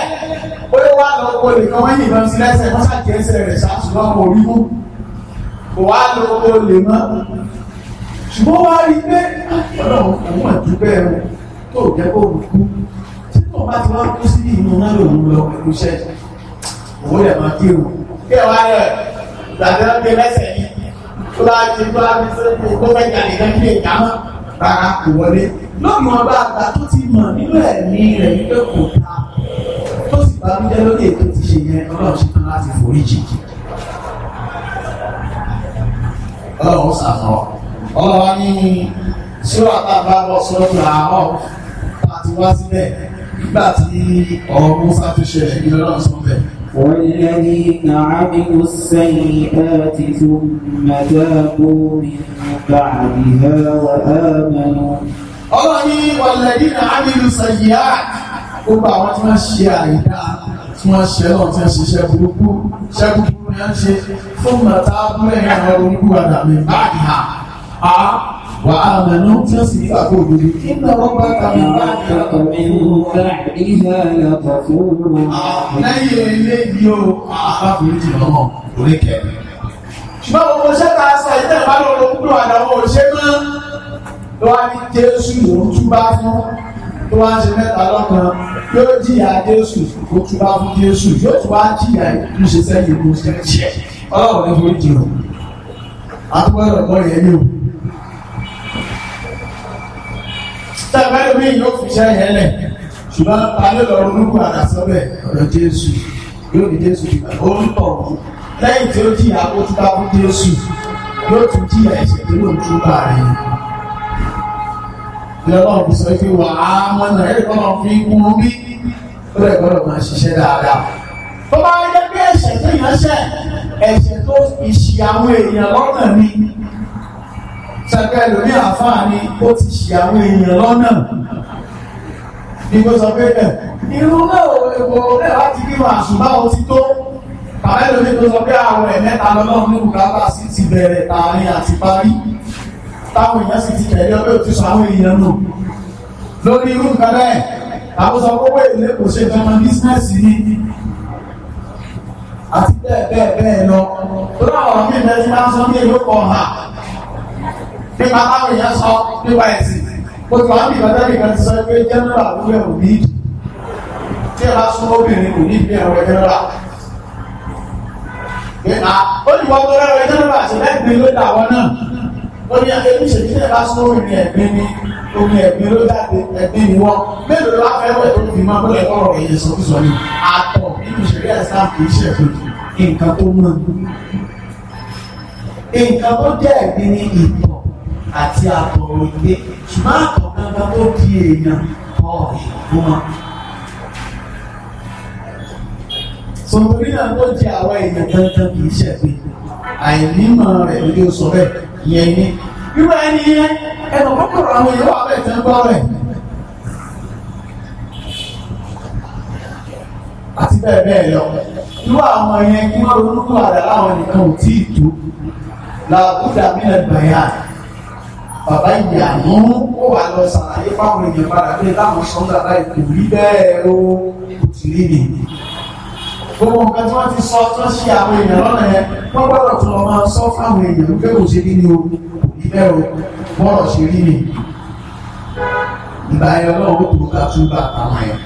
ó lè wá lọ kó lè kàn wọ́n yìnbọn sí lẹ́sẹ̀ wọ́n ṣàkíyè ẹsẹ̀ rẹ̀ ṣàtúnwá kò rí mú kò wá lọ kó lè mọ́ ṣùgbọ́n wá rí pé ọlọ́run òun àdúgbẹ́ tó jẹ́ kó kú tó bá ti wá kú sí inú náà lòun lọ pẹ̀lú iṣẹ́ òun lè máa kírun kí ẹ wá rẹ̀ làbẹ́ ọ̀gbẹ́ lẹ́sẹ̀ yìí tó bá ti tó bá ti sẹ́yìn tó fẹ́ jalè náà kí èèyàn mọ́ rárá kò wọlé lóògùn ọba àgbà tó ti mọ̀ nínú ẹ̀mí rẹ̀ wípé kò ta tó sì bá mi jẹ́ lórí ètò ti ṣe yẹn ọlọ́run ṣe tán láti forí jì ọlọ́run sàmọ́ ọlọ́run ní sọ́ra tá a bá bọ̀ sọ́ra àwọn tá a ti wá sílẹ̀ nígbà tí ọ̀rọ̀ Musa tó ṣẹlẹ̀ kí lọ́nà sọ bẹ́ẹ̀. والذين
عملوا السيئات ثم تابوا من
بعدها وآمنوا ọlọ́ni wàlẹ́dínà ámìlú sàyíyá ó bá àwọn tí wọ́n ṣe àìdá tí wọ́n ṣe lọ́n tí wọ́n ṣiṣẹ́ burúkú ṣẹ́ burúkú ni wọ́n ṣe fún mọ̀tá búrẹ́ àwọn olùkú àdàmì báyìí ha wà á mẹ́nu tí ó sì ní ìgbàgbọ́ òdodo. iná wọn bá kàmí bá kàmí nígbà ìhà yàtọ̀ fún wọn. lẹ́yìn eléyìí o àbáfin ti lọ́mọ orí kẹrin. ṣùgbọ́n gbogbo wá ní jésù lòún túbá fún tó wá ṣe mẹ́ta lọ́kan yóò jìyà jésù kó tún fún jésù yóò tún wá jìyà ìlú ṣe sẹ́yìn kó ṣe ṣe ọlọ́run ní foríjì o àtúbọ̀rọ̀ lọ́rẹ̀ yóò. sábà ìwé yóò fi ṣe yẹn lẹ̀ ṣùgbọ́n alẹ́ lọ ronúkú ara sọ́bẹ̀ ọ̀dọ̀ Jésù yóò ní Jésù ti gbà ó ń tọ̀ ọ́ lẹ́yìn tí ó jìyà ó ti bá fún Jésù yóò tún jìyà ẹ̀ṣẹ̀ tó lòun tún bá rẹ̀ lọ́wọ́ fi sọ pé wà á mọ̀nà ẹ̀rí kọ́ máa fi kún un bí ó lè gbọ́dọ̀ máa ṣiṣẹ́ dáadáa. tó bá yẹ pé ẹ̀ṣẹ̀ tó yàn ṣẹ̀ ẹ̀ṣẹ̀ tó fi àwọn èèyàn lọ́kàn mi ṣẹ̀pẹ́ lórí àfáàní ó ti ṣì àwọn èèyàn lọ́nà bí kò sọ pé bẹ̀ irú náà èkó náà láti kí wọn àṣùbá ó ti tó bàbá lórí tó sọ pé àwọn ẹ̀ mẹ́ta lọ́nà ní bùkátà sí ti bẹ̀rẹ̀ tààrin àti parí táwọn èèyàn sì ti tẹ̀lé ọdún tí sọ àwọn èèyàn nù lórí irú nǹkan bẹ́ẹ̀ àwọn sọ pé ilé kò ṣe fẹ́ràn bísínẹ́sì ni àti bẹ́ẹ̀ bẹ́ẹ̀ bẹ́ẹ̀ lọ tó láwọn ọ̀rọ̀ mí nípa báwọn èèyàn sọ nípa ẹ̀sìn mo ti wá bí ìgbàdàn ìgbà ti sọ pé jẹ́nẹ́rà wúlẹ̀ ò ní tí ẹ bá súnmọ́ obìnrin kò ní ìgbé ẹ̀rọ jẹ́nẹ́rà nípa ó ní wọ́n tó rẹ̀ ẹ̀rọ jẹ́nẹ́rà sí lẹ́gbẹ̀ẹ́ ló dà wọ́n náà ó ní ẹbí ṣèjì tí ẹ bá súnmọ́ obìnrin ẹ̀gbẹ́ ni omi ẹ̀gbẹ́ ló jáde ẹ̀gbẹ́ ni wọ́n mélòó ló wá fẹ́ wẹ̀ tó fi máa bọ́lẹ̀ ọ̀rọ̀ ẹ̀yẹ sọ́kúsọ ni àtọ̀ nínú ìṣẹ̀lẹ̀ ẹ̀sán kì í ṣẹ̀tò nǹkan tó mọ̀ nǹkan tó jẹ́ ẹ̀gbin ni ìtọ̀ àti àtọ̀ òyìnbé ṣùgbọ́n àtọ̀ gangan tó di èèyàn pọ̀ fún wọn. sọ̀tòrí náà ló jẹ́ àwa èèyàn gangan kì í ṣẹ̀gbẹ́ àìnímọ̀ rẹ̀ ló yóò sọ bẹ́ẹ̀ yẹn ní. irú ẹni yẹn ẹnu kọ́kọ́rọ́ àwọn èèyàn wà bẹ́ẹ̀ tẹ́ ń gbọ́ rẹ̀. àti bẹ́ẹ̀ bẹ́ẹ̀ lọ irú àwọn yẹn kí wọ́n ronú kó láwọn nìkan ò tí ì tó làbúdà mílẹ̀ gbàyà bàbá ìyàmú ó wà lọ sàlàyé fáwọn èèyàn padà pé táwọn sọ bàbá ìkò rí bẹ́ẹ̀ ó ti rí mi. gbogbo nǹkan tí wọ́n ti sọ tó ṣe àwọn èèyàn lọ́nà yẹn wọ́n gbọ́dọ̀ tún lọ máa sọ fáwọn èèyàn pé kò ṣe kí ni o kò rí bẹ́ẹ̀ o bọ́rọ̀ ṣe rí mi. ìgbà yẹn ọlọ́run ó tó ká tún bá àwọn yẹn.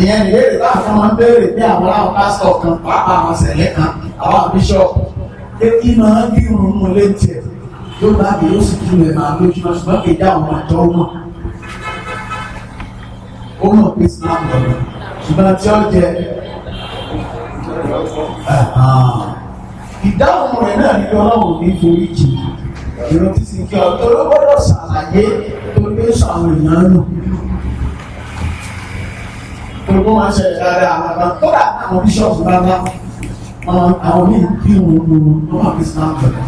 ìyẹn ìbéèrè láàfin máa ń béèrè bí àwọn láwọn pásítọ̀ kan pàápàá àwọn sẹ̀lẹ̀ kan àwọn bíṣọ̀pù pé kí máa bí yóò bá mi yóò sì kí lè máa lójúmọ́ ṣùgbọ́n kì í dá àwọn àjọ mọ̀ ó mọ̀ pé islam lọ́nà ṣùgbọ́n tí ó jẹ ìdáhùn rẹ̀ náà ní ọlọ́run ní forí jì ìrùn ti sìnkì ọ̀tọ̀ ló gbọ́dọ̀ ṣàlàyé tó gbé sàwọn èèyàn nù gbogbo wọn ṣe dáadáa àwọn kódà àwọn bíṣọ̀pù bá bá àwọn míì bí wọn lò wọn máa fi islam lọ́nà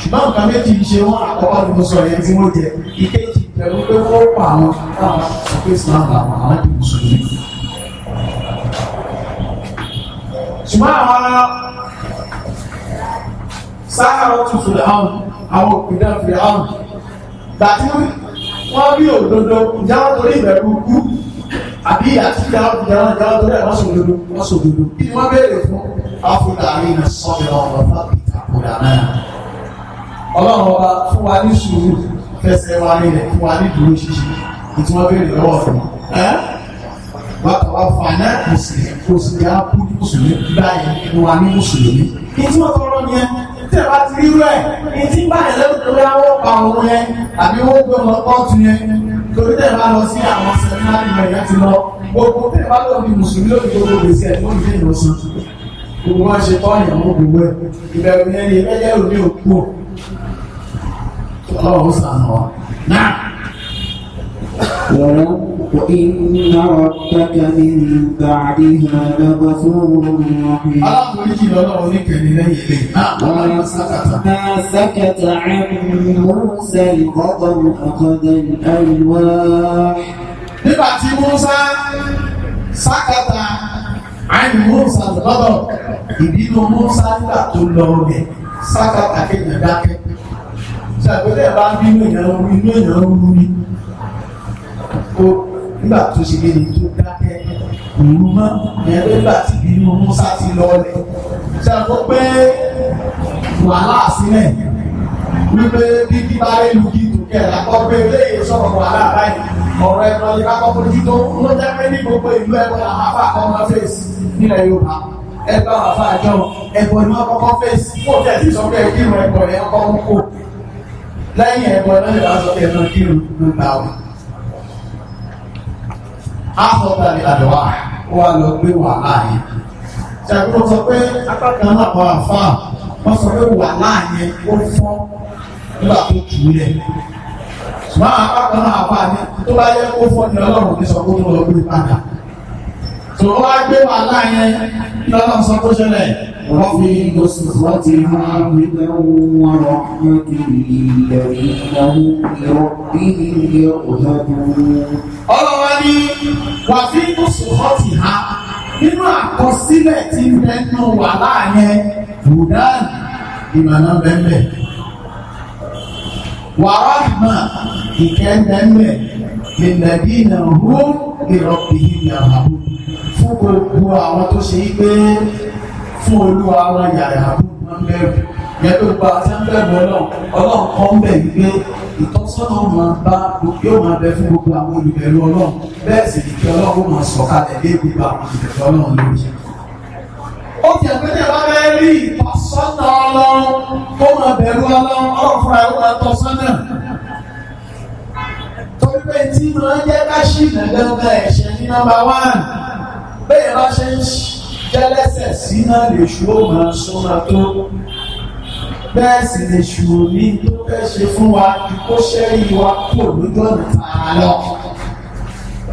ṣùgbọ́n nǹkan méjì ń ṣe wọ́n àkọ́kọ́ ni mo sọ yẹn tí wọ́n jẹ ìkejì pẹ̀lú pé wọ́n pa àwọn táwọn sọ pé islam làwọn àwọn ti mùsùlùmí. ṣùgbọ́n àwọn sáà wọ́n tún fìlà àwọn àwọn òpìdá fìlà àwọn gbàtí wọ́n rí òdodo ìjáwọ́ torí ìbẹ̀rù kú àbí àti ìjáwọ́ ìjáwọ́ ìjáwọ́ torí ẹ̀ lọ́sọ̀dodo lọ́sọ̀dodo kí ni wọ́n béèrè fún àfúlà àrí ìnà sọ́ọ̀rọ̀ ọ̀rọ̀ fábíkà kò dáná ọlọ́run ọba fún wa ní sùúrù fẹsẹ̀ wa nílẹ̀ fún wa ní dúró ṣíṣe ìtí wọ́n béèrè lọ́wọ́ fún ẹ́ wàtà wà fún àná mùsùlùmí kò sì yà á kú ní mùsùlùmí báyìí ni wà ní mùsùlùmí. ìtí wọ́n tọrọ nìyẹn tẹ̀ bá ti rírú ẹ̀ ìtí báyìí lẹ́nu pé wọ́n pa òun yẹn àbí wọ́n gbé wọn kọ́ọ̀tù yẹn torí tẹ̀ bá lọ sí àwọn sẹ́mínárì rẹ̀ yẹn ti lọ gbogbo tẹ̀ bá lọ bí mùsùlùmí lórí gbogbo gbèsè ẹ̀ gbogbo wọn ṣe tọ́yìn àwọn gbogbo ẹ̀ ìbẹ̀rù yẹn ni ẹgbẹ́ òní òkú ọlọ́run sànà wa náà. ولو
إن ربك من بعدها لغفور رحيم ما سكت عن موسى الغضب أخذ الألواح nígbà tí Musa
sákàtà àyìn mọ́sá lọ́dọ̀ ìbínú mọ́sá nígbà tó lọ rẹ̀ sáka àkẹ́yìn dákẹ́ ṣàgbélẹ̀ bá ń bínú èèyàn rú inú èèyàn rú ni ó nígbà tó ṣe lè tó dákẹ́ òru mọ́ ẹ̀rọ nígbà tí ìbínú mọ́sá ti lọ rẹ̀ ṣàgbọ́ pé wàhálà sílẹ̀ wípé bí bíbá rẹ̀ lu kí tòkè ẹ̀ lápọ̀ pé eléyìí sọ̀rọ̀ wàhálà báyìí ọ̀rọ̀ ẹ̀rọ ìbákọ́ fojú tó ń lọ́jà pé ní gbogbo ìlú ẹ̀kọ́ làwọn afá kan fèsì nílẹ̀ Yorùbá ẹgbẹ́ àwọn afá àjọ ẹ̀bọ ni wọ́n kọ́kọ́ fẹ́ sí kó tẹ̀ sí sọ pé kírun ẹ̀bọ yẹn kọ́ ń kó lẹ́yìn ẹ̀bọ náà lè wá sọ pé ẹ̀bọ kírun ló gbà wọ́n. a sọ pé àdìgbàdì wa ó wá lọ gbé wàhálà yẹn ṣàkóso sọ pé apá kan náà wà fà wọ́n sọ pé wàhálà yẹn ó fọ́ nígbà tó tù ú lẹ̀ ṣùgbọ́n apá kan náà wà ní tó bá yẹ kó fọ́ ni Ọlọ́run ní sọ pé ó tó lọ gbé padà tó wá gbé wà láyẹn lọ́nà sọ tó ṣẹlẹ̀ wọ́n fi lọ́sùn wọ́n ti máa ń rí lẹ́wọ̀n wọn rọ̀ ọ́n kì
í ìyàwó ìyàwó bí ilé òṣèlú.
ọlọ́wọ́ ni wà fi lọ́sùn wọ́n ti ha nínú àkọsílẹ̀ tí ń bẹ́nu wà láàyẹn budan ìmọ̀nà bẹ́ẹ̀ wàhálà ìkẹ́ bẹ́ẹ̀ lẹ́nàdínà hó ìrọ̀bìhì yàràbù fún gbogbo àwọn tó ṣe pé fún olúwa wọn yàràbù wọn bẹ̀rù yẹtò gba sẹ́ńtẹ̀bù ọlọ́run ọlọ́run kọ́ ń bẹ̀ wípé ìtọ́sọ́nà máa bá yóò máa bẹ fún gbogbo àwọn olùbẹ̀rù ọlọ́run bẹ́ẹ̀ sì ni kí ọlọ́run máa sọ̀kalẹ̀ dé gbogbo àwọn olùbẹ̀rù ọlọ́run lórí ó ti ẹ̀pẹ́ ní ẹ̀bá rẹ̀ rí ìtọ́sọ́nà ọlọ́run tó máa bẹ̀rù ọlọ́run ọ̀rọ̀ fúnra ẹ̀ ó máa tọ́sọ́nà pé tí máa ń jẹ́ ká ṣìnà gangan ẹ̀ṣẹ̀ ní nọ́mbà wán bẹ́ẹ̀ bá ṣe ń jẹ́lẹ́sẹ̀ sí náà lè ṣù ó máa súnmọ́ tó bẹ́ẹ̀ sì lè ṣù ó ní tó fẹ́ ṣe fún wa ju kó ṣẹ́rí wa kò lójú ọ̀nà tààrà lọ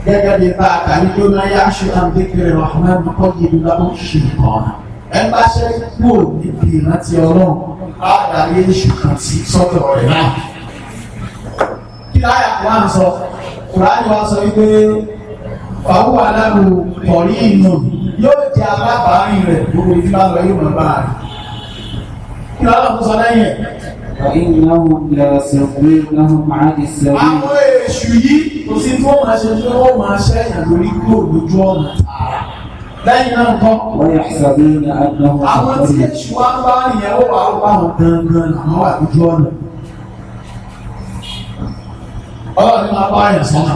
gẹ́gẹ́ bí bá a kàrí tó náà yá aṣọ àgbékèrè rahman kọ́jú ìdúrà ó ṣì kàn ẹ bá ṣe kúrò níbi ìrántí ọlọ́run á dàbí èṣù kan sí sọ́tọ̀ rẹ̀ náà kí láyà wà ń sọ kùránì wa sọ wípé fàáwù aláàbò kọ̀rí ìnù yóò jẹ alábàárìn rẹ̀ gbogbo ibi bá lọ yóò mọ̀ bá rẹ̀ kí lọ́dọ̀ tó sọ lẹ́yìn ẹ̀. àwọn èṣù yìí kò sí tí wọ́n máa ṣe tí wọ́n máa ṣe èèyàn lórí kúrò lójú ọ̀nà lẹ́yìn náà kọ́. àwọn tí èṣù wa ń bá rìn yẹn ó gangan àwọn wà lójú ọ̀nà ọlọ́run ní máa bá àyàn sọ́nà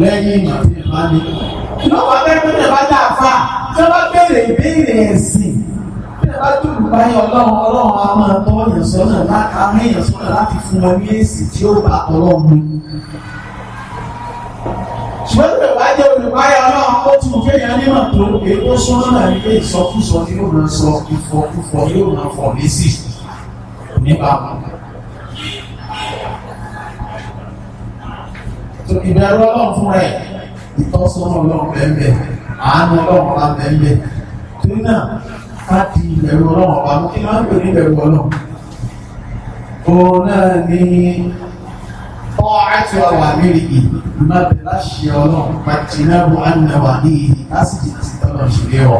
lẹ́yìn ìgbà tí ẹ bá ní. lọ́wọ́ abẹ́rẹ́ náà bá dá a fa tí wọ́n bá béèrè ìbéèrè ẹ̀sìn tí ẹ bá dùn báyìí ọlọ́run ọlọ́run á máa tọ́ èèyàn sọ́nà láti àwọn èèyàn sọ́nà láti fún wọn ní èsì tí ó bá ọlọ́run. ṣùgbọ́n tí bàbá jẹ́ olùbáyà ọlọ́run ó tún kéèyàn nímọ̀ tó èkó sọ́nà náà ní pé yóò máa sọ ìfọkúfọ yóò máa fọ̀ nísì nípa wọn. tó ìbẹ̀rù ọlọ́run fún rẹ̀ ìtọ́sọ́nà ọlọ́run bẹ́ẹ̀ àánú ọlọ́run bá bẹ́ẹ̀ torí náà ká di ìbẹ̀rù ọlọ́run ọba mú kí máa ń pè ní ìbẹ̀rù ọlọ́run. òun náà ni ọ́ àti ọ̀wà mírìkì má láṣẹ ọlọ́run pàtì náà bu ànàwà ní ìdí lásìkò tí tọ́lọ̀ ṣe lé ọ.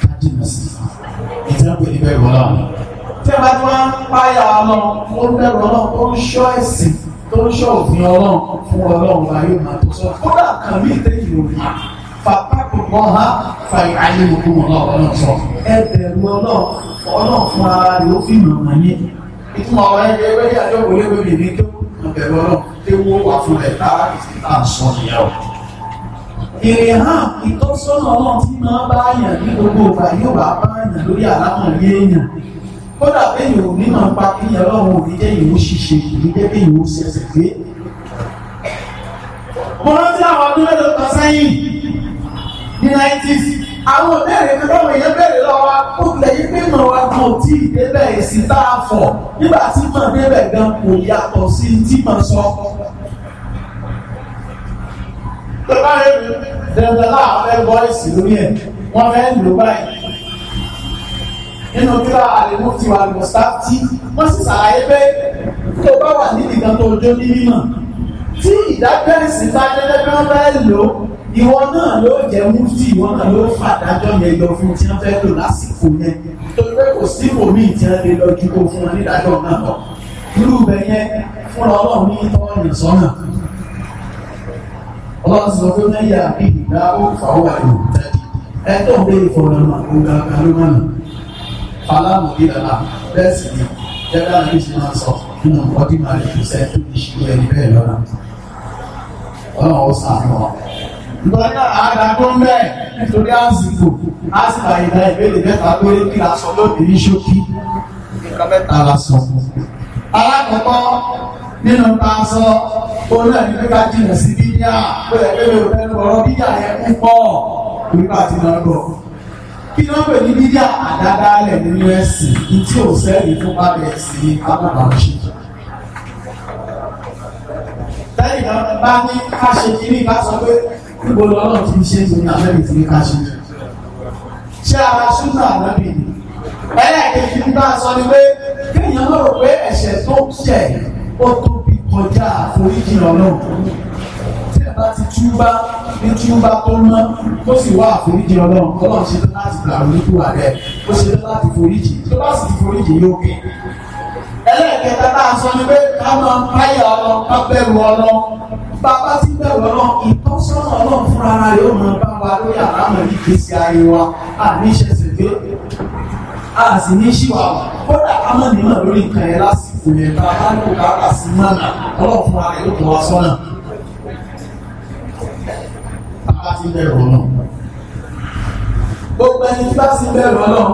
ká jìnnà tí a bá ti máa ń páyà ọlọ́run ó ń bẹ̀rù ọlọ́run ó ń ṣọ́ ẹ̀sìn tó ń ṣọ́ òfin ọlọ́run fún ọlọ́run ayé máa tó sọ kódà kan ní ìtẹ́yìn òfin fàtàkù kan ha fa ayé òkú ọlọ́run náà sọ ẹ bẹ̀rù ọlọ́run ọlọ́run fún ara rẹ̀ ó fi mọ̀mọ́ yín ìtumọ̀ ọ̀rọ̀ ẹgbẹ́ ẹgbẹ́ yàtọ̀ wọlé wọlé ní tó bẹ̀rù ọlọ́run tí wọ́n wà fún ẹ̀ tá ìsìnká sọ nìyàwó èrè hàn ìtọ́sọ́nà ọlọ́run tí máa bá yàn ní gbogbo ìgbà yóò bá bá
yàn lórí àlámọ̀
yéèyàn kódà bẹ́yìn ò ní máa ń pa kíni ọlọ́run ò ní jẹ́ ìwú ṣíṣe kì í jẹ́ kéyìn ó ṣẹ̀ṣẹ̀ gbé. mo rántí àwọn ọdún mélòó kan sẹ́yìn ní 90s àwọn òbẹ̀rẹ̀ mi báwọn èèyàn bẹ̀rẹ̀ lọ́wọ́ ó tilẹ̀ yí pé mọ̀ wá kan ò tí ì débẹ̀ èsì tá a fọ̀ nígbà tí mọ̀ débẹ̀ gan kò yàtọ̀ sí tí mọ̀ sọ. tó bá rẹ̀ mi dandan láàárẹ̀ bọ́ ìsìn lórí ẹ̀ wọ́n fẹ́ lò báyìí nínú kíra àlèmúfti wa àlùmọ̀sáfì wọ́n sì ṣàlàyé pé tó bá wà nídìí kan tó jó ní mímọ̀ tí ìdájọ́ ìsìn bá jẹ́jẹ́ bí wọ́n fẹ́ lò ìwọ náà ló jẹ́ múfti ìwọ náà ló fà dájọ́ yẹn lọ fún tí wọ́n fẹ́ lò lásìkò yẹn torí pé kò sí ìwòmí tí wọ́n lè lọ ju kó fún wọn nídàjọ́ náà lọ irú ibẹ̀ yẹn fúnra ọlọ́run ní tọ́ọ̀yìn sọ́nà ọlọ́run sọ pé mẹ́yà bí ìgbà ó fà ó wà lò ẹ̀tọ́ bẹ́ẹ̀ fọ̀rọ̀ màkúgà kálọ́mọ́nà fàlámù ìdàlà bẹ́ẹ̀ sì ni jẹ́rẹ́ àti ìṣe máa sọ nínú ọdí máa lè fi sẹ́ẹ̀ tó ní ṣe ẹni bẹ́ẹ̀ lọ́la ọlọ́run ó sàánú ọ. Ìgbà náà àdàgbọ́ mẹ́ẹ̀ nítorí àsìkò àsìkò ìdá ìbéèrè mẹ́ta lórí kí la sọ lóde ní ṣókí nǹkan mẹ́ta la sọ. Alákọ̀ọ́kọ́ nínú ta sọ òun náà ní pípa jìnnà sí bíyà pé ẹgbẹ́ mi ò fẹ́ lọ́rọ́ bíyà yẹn púpọ̀ nípa ti lọ́dọ̀ kí ló ń pè ní bídíà àdádálẹ̀ nínú ẹ̀sìn tí ò sẹ́yìn fún bábẹ̀ sí abúlé ọ̀ṣẹ́. lẹ́yìn náà bá ní ká ṣe kiri bá sọ pé níbo lọ́nà tí ń ṣe ìṣòro àbẹ́bí tí ká ṣe. ṣé ara ṣúná àbẹ́bí ni ẹlẹ́ẹ̀kejì ń bá sọ ni pé kéèyàn lọ́rọ̀ pé ẹ̀ṣẹ̀ tó ń ṣẹ̀ ó tóbi kọjá àforíjì ọlọ́run láti túbá ní túbá tó mọ́ tó sì wá àforíjì ọlọ́run ọlọ́run ṣe tán láti gbà lójú ààrẹ ó ṣe tán láti foríjì tó bá sì ti foríjì yóò gbé. ẹlẹ́ẹ̀kẹta tá a sọ ni pé ká máa ń páyà ọlọ́run ká bẹ̀rù ọlọ́run bàbá ti bẹ̀rù ọlọ́run ìtọ́sọ́nà ọlọ́run fúnra ara rẹ̀ ó máa bá wa lórí àlámọ̀ ìgbésí ayé wa àníṣẹ́sẹ̀ dé a sì ní ṣíwà kódà a mọ̀ nímọ̀ lórí nǹkan ẹ̀ lásìkò yẹn tá a bá ní kò ká kà sí mọ́nà ọlọ́run fúnra rẹ̀ ló tọ́ wa sọ́nà sí bẹ̀rù ọlọ́run gbogbo ẹni tí bá sí bẹ̀rù ọlọ́run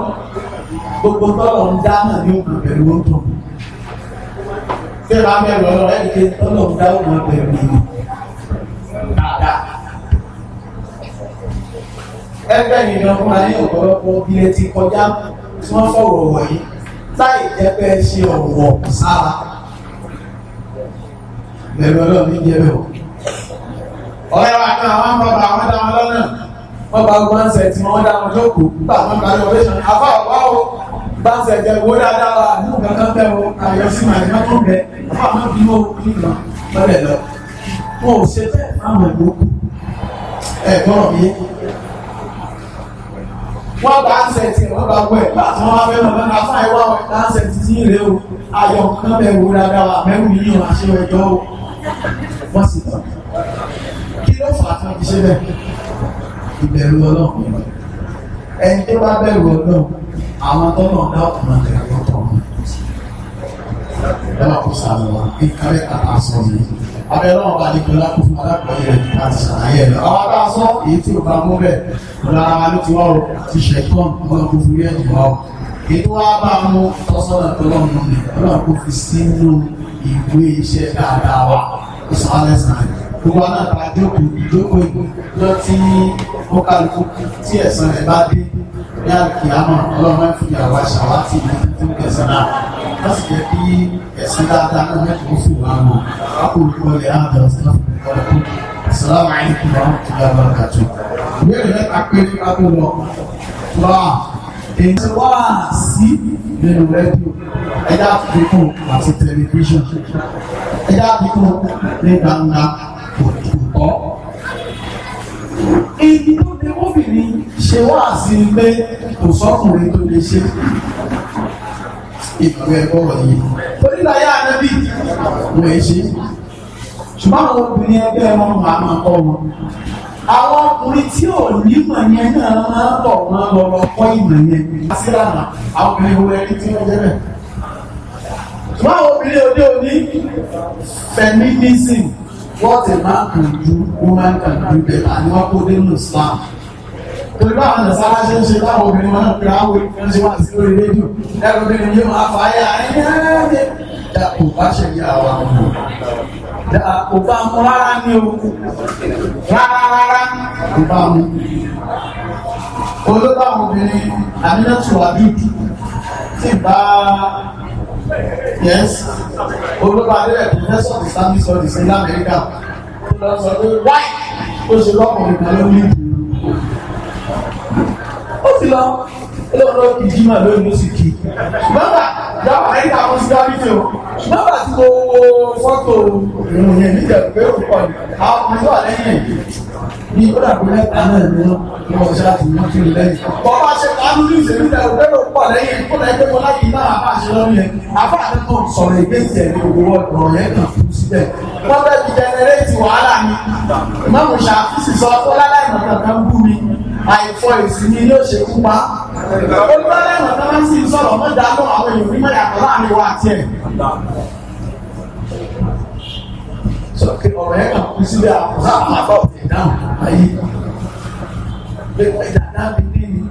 gbogbo tọ́lọ̀ ń dá náà ní òkú bẹ̀rù ó tó sẹ́wà bẹ̀rù ọlọ́run ẹni tí tọ́lọ̀ ń dá òkú bẹ̀rù ìlú dáadáa ẹgbẹ́ yìí lọ fún ayé ọ̀pọ̀lọpọ̀ ilé ti kọjá tí wọ́n fọ̀rọ̀ wọ̀nyí táì jẹ́ pé ṣe ọ̀wọ̀ sára bẹ̀rù ọlọ́run ní jẹ́ bẹ̀rù ọ̀rẹ́ wa kan àwọn bàbá àwọn dáwọn lọ́nà wọ́n bá gbọ́n ṣẹ̀ tí wọ́n dáwọn o bá ń ṣẹ̀jẹ̀ wo dáadáa wa ní nǹkan kan o àyọ̀sí màdìmá tó ń bẹ àbá wọn bí wọn kú nìkan lọ́lẹ̀ lọ wọn ò ṣe bẹ́ẹ̀ fáwọn ìlú ẹ̀gbọ́n mi wọ́n bá ń ṣẹ̀tì wọ́n bá gbọ́ ẹ̀ láti wọ́n fún àìwá ọ̀rẹ́ bá ń ṣẹ̀tì sí ìrẹ́ o ayọ̀ kan bẹ̀ wo dáadáa wa mẹ́rù yìí wọn àṣẹ ẹ̀jọ́ o wọ́n sì tán fà tí wọ́n fi ṣe bẹ́ẹ̀ ìbẹ̀rù ọlọ́run ẹni tó bá bẹ̀rù ọlọ́run àwọn tó náà dá ọkùnrin àti àwọn ọkùnrin ẹ̀rọ kò sàmì wọn ní kárẹ́ kàtà sọ mi abẹ́ náà bá ní kílá kó fún alákùnrin rẹ̀ láti ṣàlàyé ẹ̀ lọ àwọn bá sọ èyí tí ò bá mú bẹ́ẹ̀ lára wa ló ti wá o ti ṣẹ̀tàn wọn kò fún yẹn jù wá o ètò wa bá mú tọ́sọ́nà tó lọ́nà nù ní ọlọ́run kò fi sínú ìwé iṣẹ́ dáadáa wa ìsọ̀rọ̀ ẹ̀sán rẹ̀ gbogbo àwọn àgbà jókòó ìjókòó lọ tí ó kálukú tí ẹ̀sán rẹ̀ bá dé ní àkìyàmọ̀ ọlọ́run fi àwa ṣàwátì ní títún ẹ̀sán náà wọ́n sì jẹ́ kí ẹ̀sán dáadáa náà mẹ́tò ó fòwò àwọn akólùkọ́ rẹ̀ àdá ọ̀sán ọ̀dọ́kùn Assalamu alaikum warahmatullahi wabarakatuh. Ìbéèrè mẹ́ta pé nípa tó lọ wá èyí wá sí nínú rẹ́díò ẹ̀dá àfikún àti tẹlifíṣàn ẹ̀dá àfikún ní gbangba òtútọ́. Ibi tó ní obìnrin ṣe wá sí pé kò sọ́kùnrin tó lè ṣe ìlú ẹ̀kọ́ wọ̀nyí. Onílàyà Anábì wọ̀ ẹ́ ṣe. Ṣùgbọ́n àwọn obìnrin ẹgbẹ́ wọn máa máa kọ́ wọn. Àwọn ọkùnrin tí ò nímọ̀ yẹn náà máa bọ̀ wọn lọ lọ kọ́ ìmọ̀ yẹn. Asílànà àwọn obìnrin wo ẹni tí wọ́n jẹ́ bẹ̀. Ṣùgbọ́n àwọn obìnrin òde òní feminism what a man can do woman can do better ni wọ́n kó nínú Islam torí bá àwọn nasara ṣe ń ṣe báwọn obìnrin wọn náà pé àwọn èèyàn ṣe wà sí lórí rédíò ẹrù obìnrin yìí máa fà á yà á yà á yẹ dà kò bá ṣe yà wà mọ dà kò bá mu rárá ní o rárá rárá kò bá mu olóbá obìnrin àmì náà tù wá dúdú tí bá yes olùkọ́ adéyẹ professor of islamic studies ní amẹ́ríkà lọ sọ pé why ó ṣe lọ́kùnrin kan ló ní ìdúró ó ti lọ olóòrò kì í jí màá lóyún ó sì kì í nọ́mbà yàrá àyíká àwọn sílámìtì o nọ́mbà tí mo wo fọ́tò ìròyìn níjẹ̀ pé òun pọ̀ ní àwọn ọmọ tó wà lẹ́yìn bí ó dàbí mẹ́ta náà ni wọ́n ṣe láti mú kí n lẹ́yìn. bọ́lá ṣe kánú ní ìṣèlú tẹ òbẹ́ ló pọ̀ lẹ́yìn kó lẹ́yìn pé mo láti iná àbá ṣe lọ́rùn yẹn àbá àti kan sọ̀rọ̀ ìgbésẹ̀ ní òwò ọ̀rọ̀ yẹn kan fún síbẹ̀. wọ́n fẹ́ fi jẹnẹrétì wàhálà mi mọ́mú ṣàkóso sọ fọlálà ìmọ̀tà kan bú mi àìfọ ìsinmi yóò ṣe kú pa. olùdarí ìmọ̀tà máa ń sì sọ̀rọ̀ mọ́ ọ̀rọ̀ yẹn kà kú síbẹ̀ àkùsà àbá òde dáhùn ayé pé dàda mi ní ní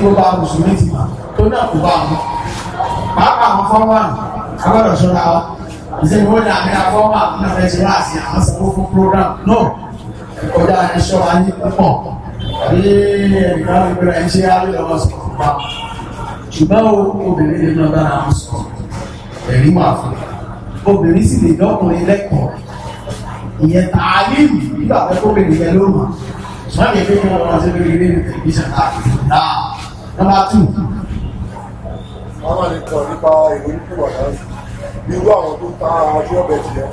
tó bá mùsùlùmí ti mà tó náà kò bá mu pàápàá àwọn fọ́nmà agbọ́dọ̀ ṣọ́ra wa ìṣe ìwé ní àmì àfọ́nmà náà fẹ́ ṣe láàṣì àwọn sanwó fún program náà ọjà ìṣọ́ wa ní púpọ̀ bí ẹ̀gbọ́n mi bẹ̀rẹ̀ ń ṣe alóyọ̀wọ́ sọ̀rọ̀ pa ṣùgbọ́n obìnrin lè lọ bá àwọn sọ̀rọ̀ ẹ̀rí wà ìyẹn tààlímù nígbà pẹ́ kó bèrè yẹn ló mọ̀ ṣùgbọ́n kí ẹgbẹ́ wọn wọ́n ṣe bèrè yẹn ní tẹ̀lifíṣàn tààlímù náà nọ́mbà tù. wọ́n máa lè kọ̀ nípa ìwé nípò àdáyé irú àwọn tó ta aṣọ ọbẹ̀ tiẹ̀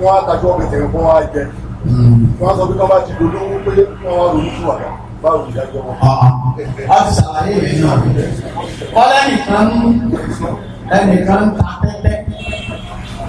wọ́n á tajú ọbẹ̀ tiẹ̀ wọ́n á jẹ hmm. wọ́n á sọ pé kí wọ́n bá ti dolówó pé wọ́n wá ronú fún àdá báwo ni ìdájọ́ wọn. Ah, ah. a ti ṣàlàyé rẹ̀ náà wọ́n lẹ́nìkan ẹnìkan ta tẹ́tẹ́.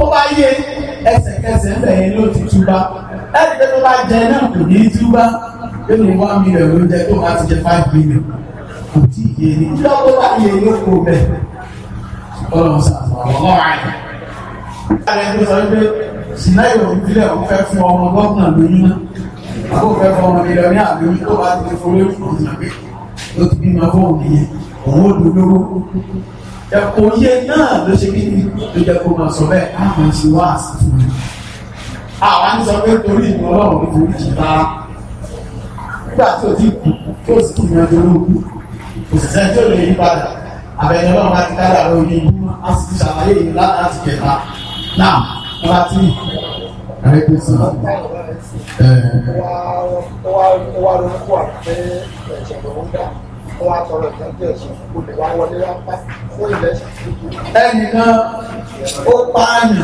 tó bá yé ẹsẹ̀kẹsẹ̀ ńbẹ̀ yẹn ló ti túbá ẹni pé tó bá jẹ náà kò ní túbá nínú one million ló jẹ tó máa ti jẹ five million kò tí ì yé ni ìjọba tó bá yé ló kó bẹ́ẹ̀ ọlọ́run sàtọ̀ ọ̀rọ̀ àyè. Ààrẹ tó sọ pé Sinai ò ìbílẹ̀ ò fẹ́ fún ọmọ gómìnà lóyún náà. Àbó fẹ́ fún ọmọ ilẹ̀ ní àmì orí tó bá ti fi fowó fún òun àbí ó ti bímọ fún òun nìyẹn. Òun ò dúró ẹ̀kọ́ yẹ náà ló ṣe kí ni ló jẹ́ kó máa sọ bẹ́ẹ̀ á máa ṣe wá àṣì fún mi. àwa ń sọ pé torí ìlú ọlọ́run ní torí jìbá nígbà tí o ti kú tó sì ti yan olóògùn òṣìṣẹ́ tí ò lè yí padà àbẹ̀yẹ náà máa ti dára lórí ìlú á sì ṣàlàyé ìlú láti kẹta náà wọ́n á ti ẹ̀rẹ́ pé sí ẹ̀ẹ́ ó wá ó pààyàn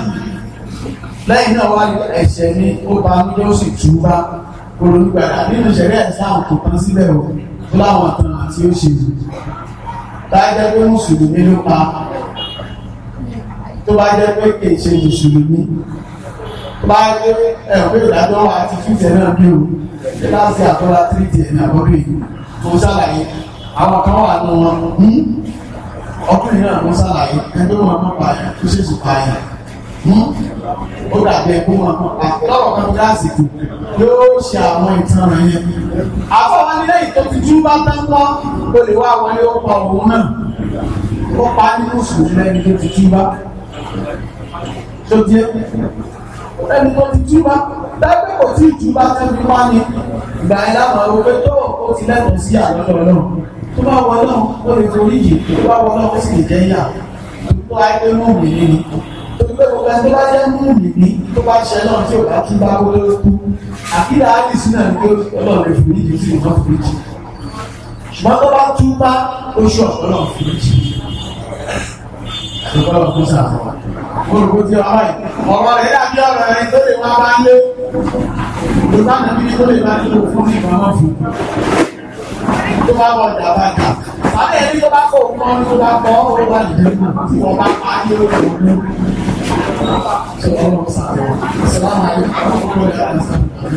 lẹ́yìn náà wá ní ni ó bá ń yóò sì tú bá olùgbàdà nínú ìṣẹ̀lẹ̀ ẹ̀sáhùn kò tán síbẹ̀ o tó láwọn tán àti ó ṣe pé mùsùlùmí ló pa tó bá jẹ́ pé kì í ṣe mùsùlùmí bá gbé ẹ̀kọ́ ìdájọ́ àti fífẹ́ náà bí o láti àtọ́lá tírìtì ẹ̀ náà bọ́bí tó ṣàlàyé àwọn kan wà nù wọn hmm? ọkùnrin náà wọ́n ṣàlàyé ẹgbẹ́ wọn máa pa yẹn tó ṣèṣì pa yẹn hmm? ó dàbí ẹkú wọn lọ́rọ̀ kan bí àsìkò yóò ṣe àwọn ìtàn rẹ̀ yẹn. àfọwọ́ nílé ìtọ́ ti jú bá tán kọ́ olè wá wọlé ó pa òun náà ó pa ní mùsùlùmí lẹ́ni tó ti jú bá tó ẹni tó ti jú bá dágbé kò tí ì jú bá tẹ́lifí wá ní ìgbà ẹ̀ láwọn ọ̀rọ̀ pé tó o ti lẹ́tọ̀ọ́ sí àlọ́lọ́ náà tó bá wọ náà ó lè forí yìí tó bá wọ náà ó sì lè jẹ́ yà tó bá gbé mú mi nínú tó gbé gbogbo ẹni tó bá jẹ́ mú mi ní tó bá ṣẹ náà tí ò bá tún bá wọlé kú àkílà áìsì náà ni pé ọlọ́run lè forí yìí sí ìmọ̀ forí yìí ṣùgbọ́n tó bá tún bá oṣù ọ̀pọ̀lọ́ forí yìí ṣùgbọ́n ọ̀pọ̀ sàrọ̀ olùkó ti ọ̀rọ̀ yìí ọ̀rọ̀ rẹ̀ dàbí ọ̀rọ̀ rẹ̀ tó lè máa bá lé ìgbà náà bí tó lè bá tó lè fún ìgbà náà fún tó bá wọ ọ̀dà bá ta àbẹ̀ ẹni tó bá kọ̀ mọ́ tó bá kọ́ ó bá dùn tí wọ́n bá pa ní òkè òkú. Sọlá máa ń kọ́
ọ́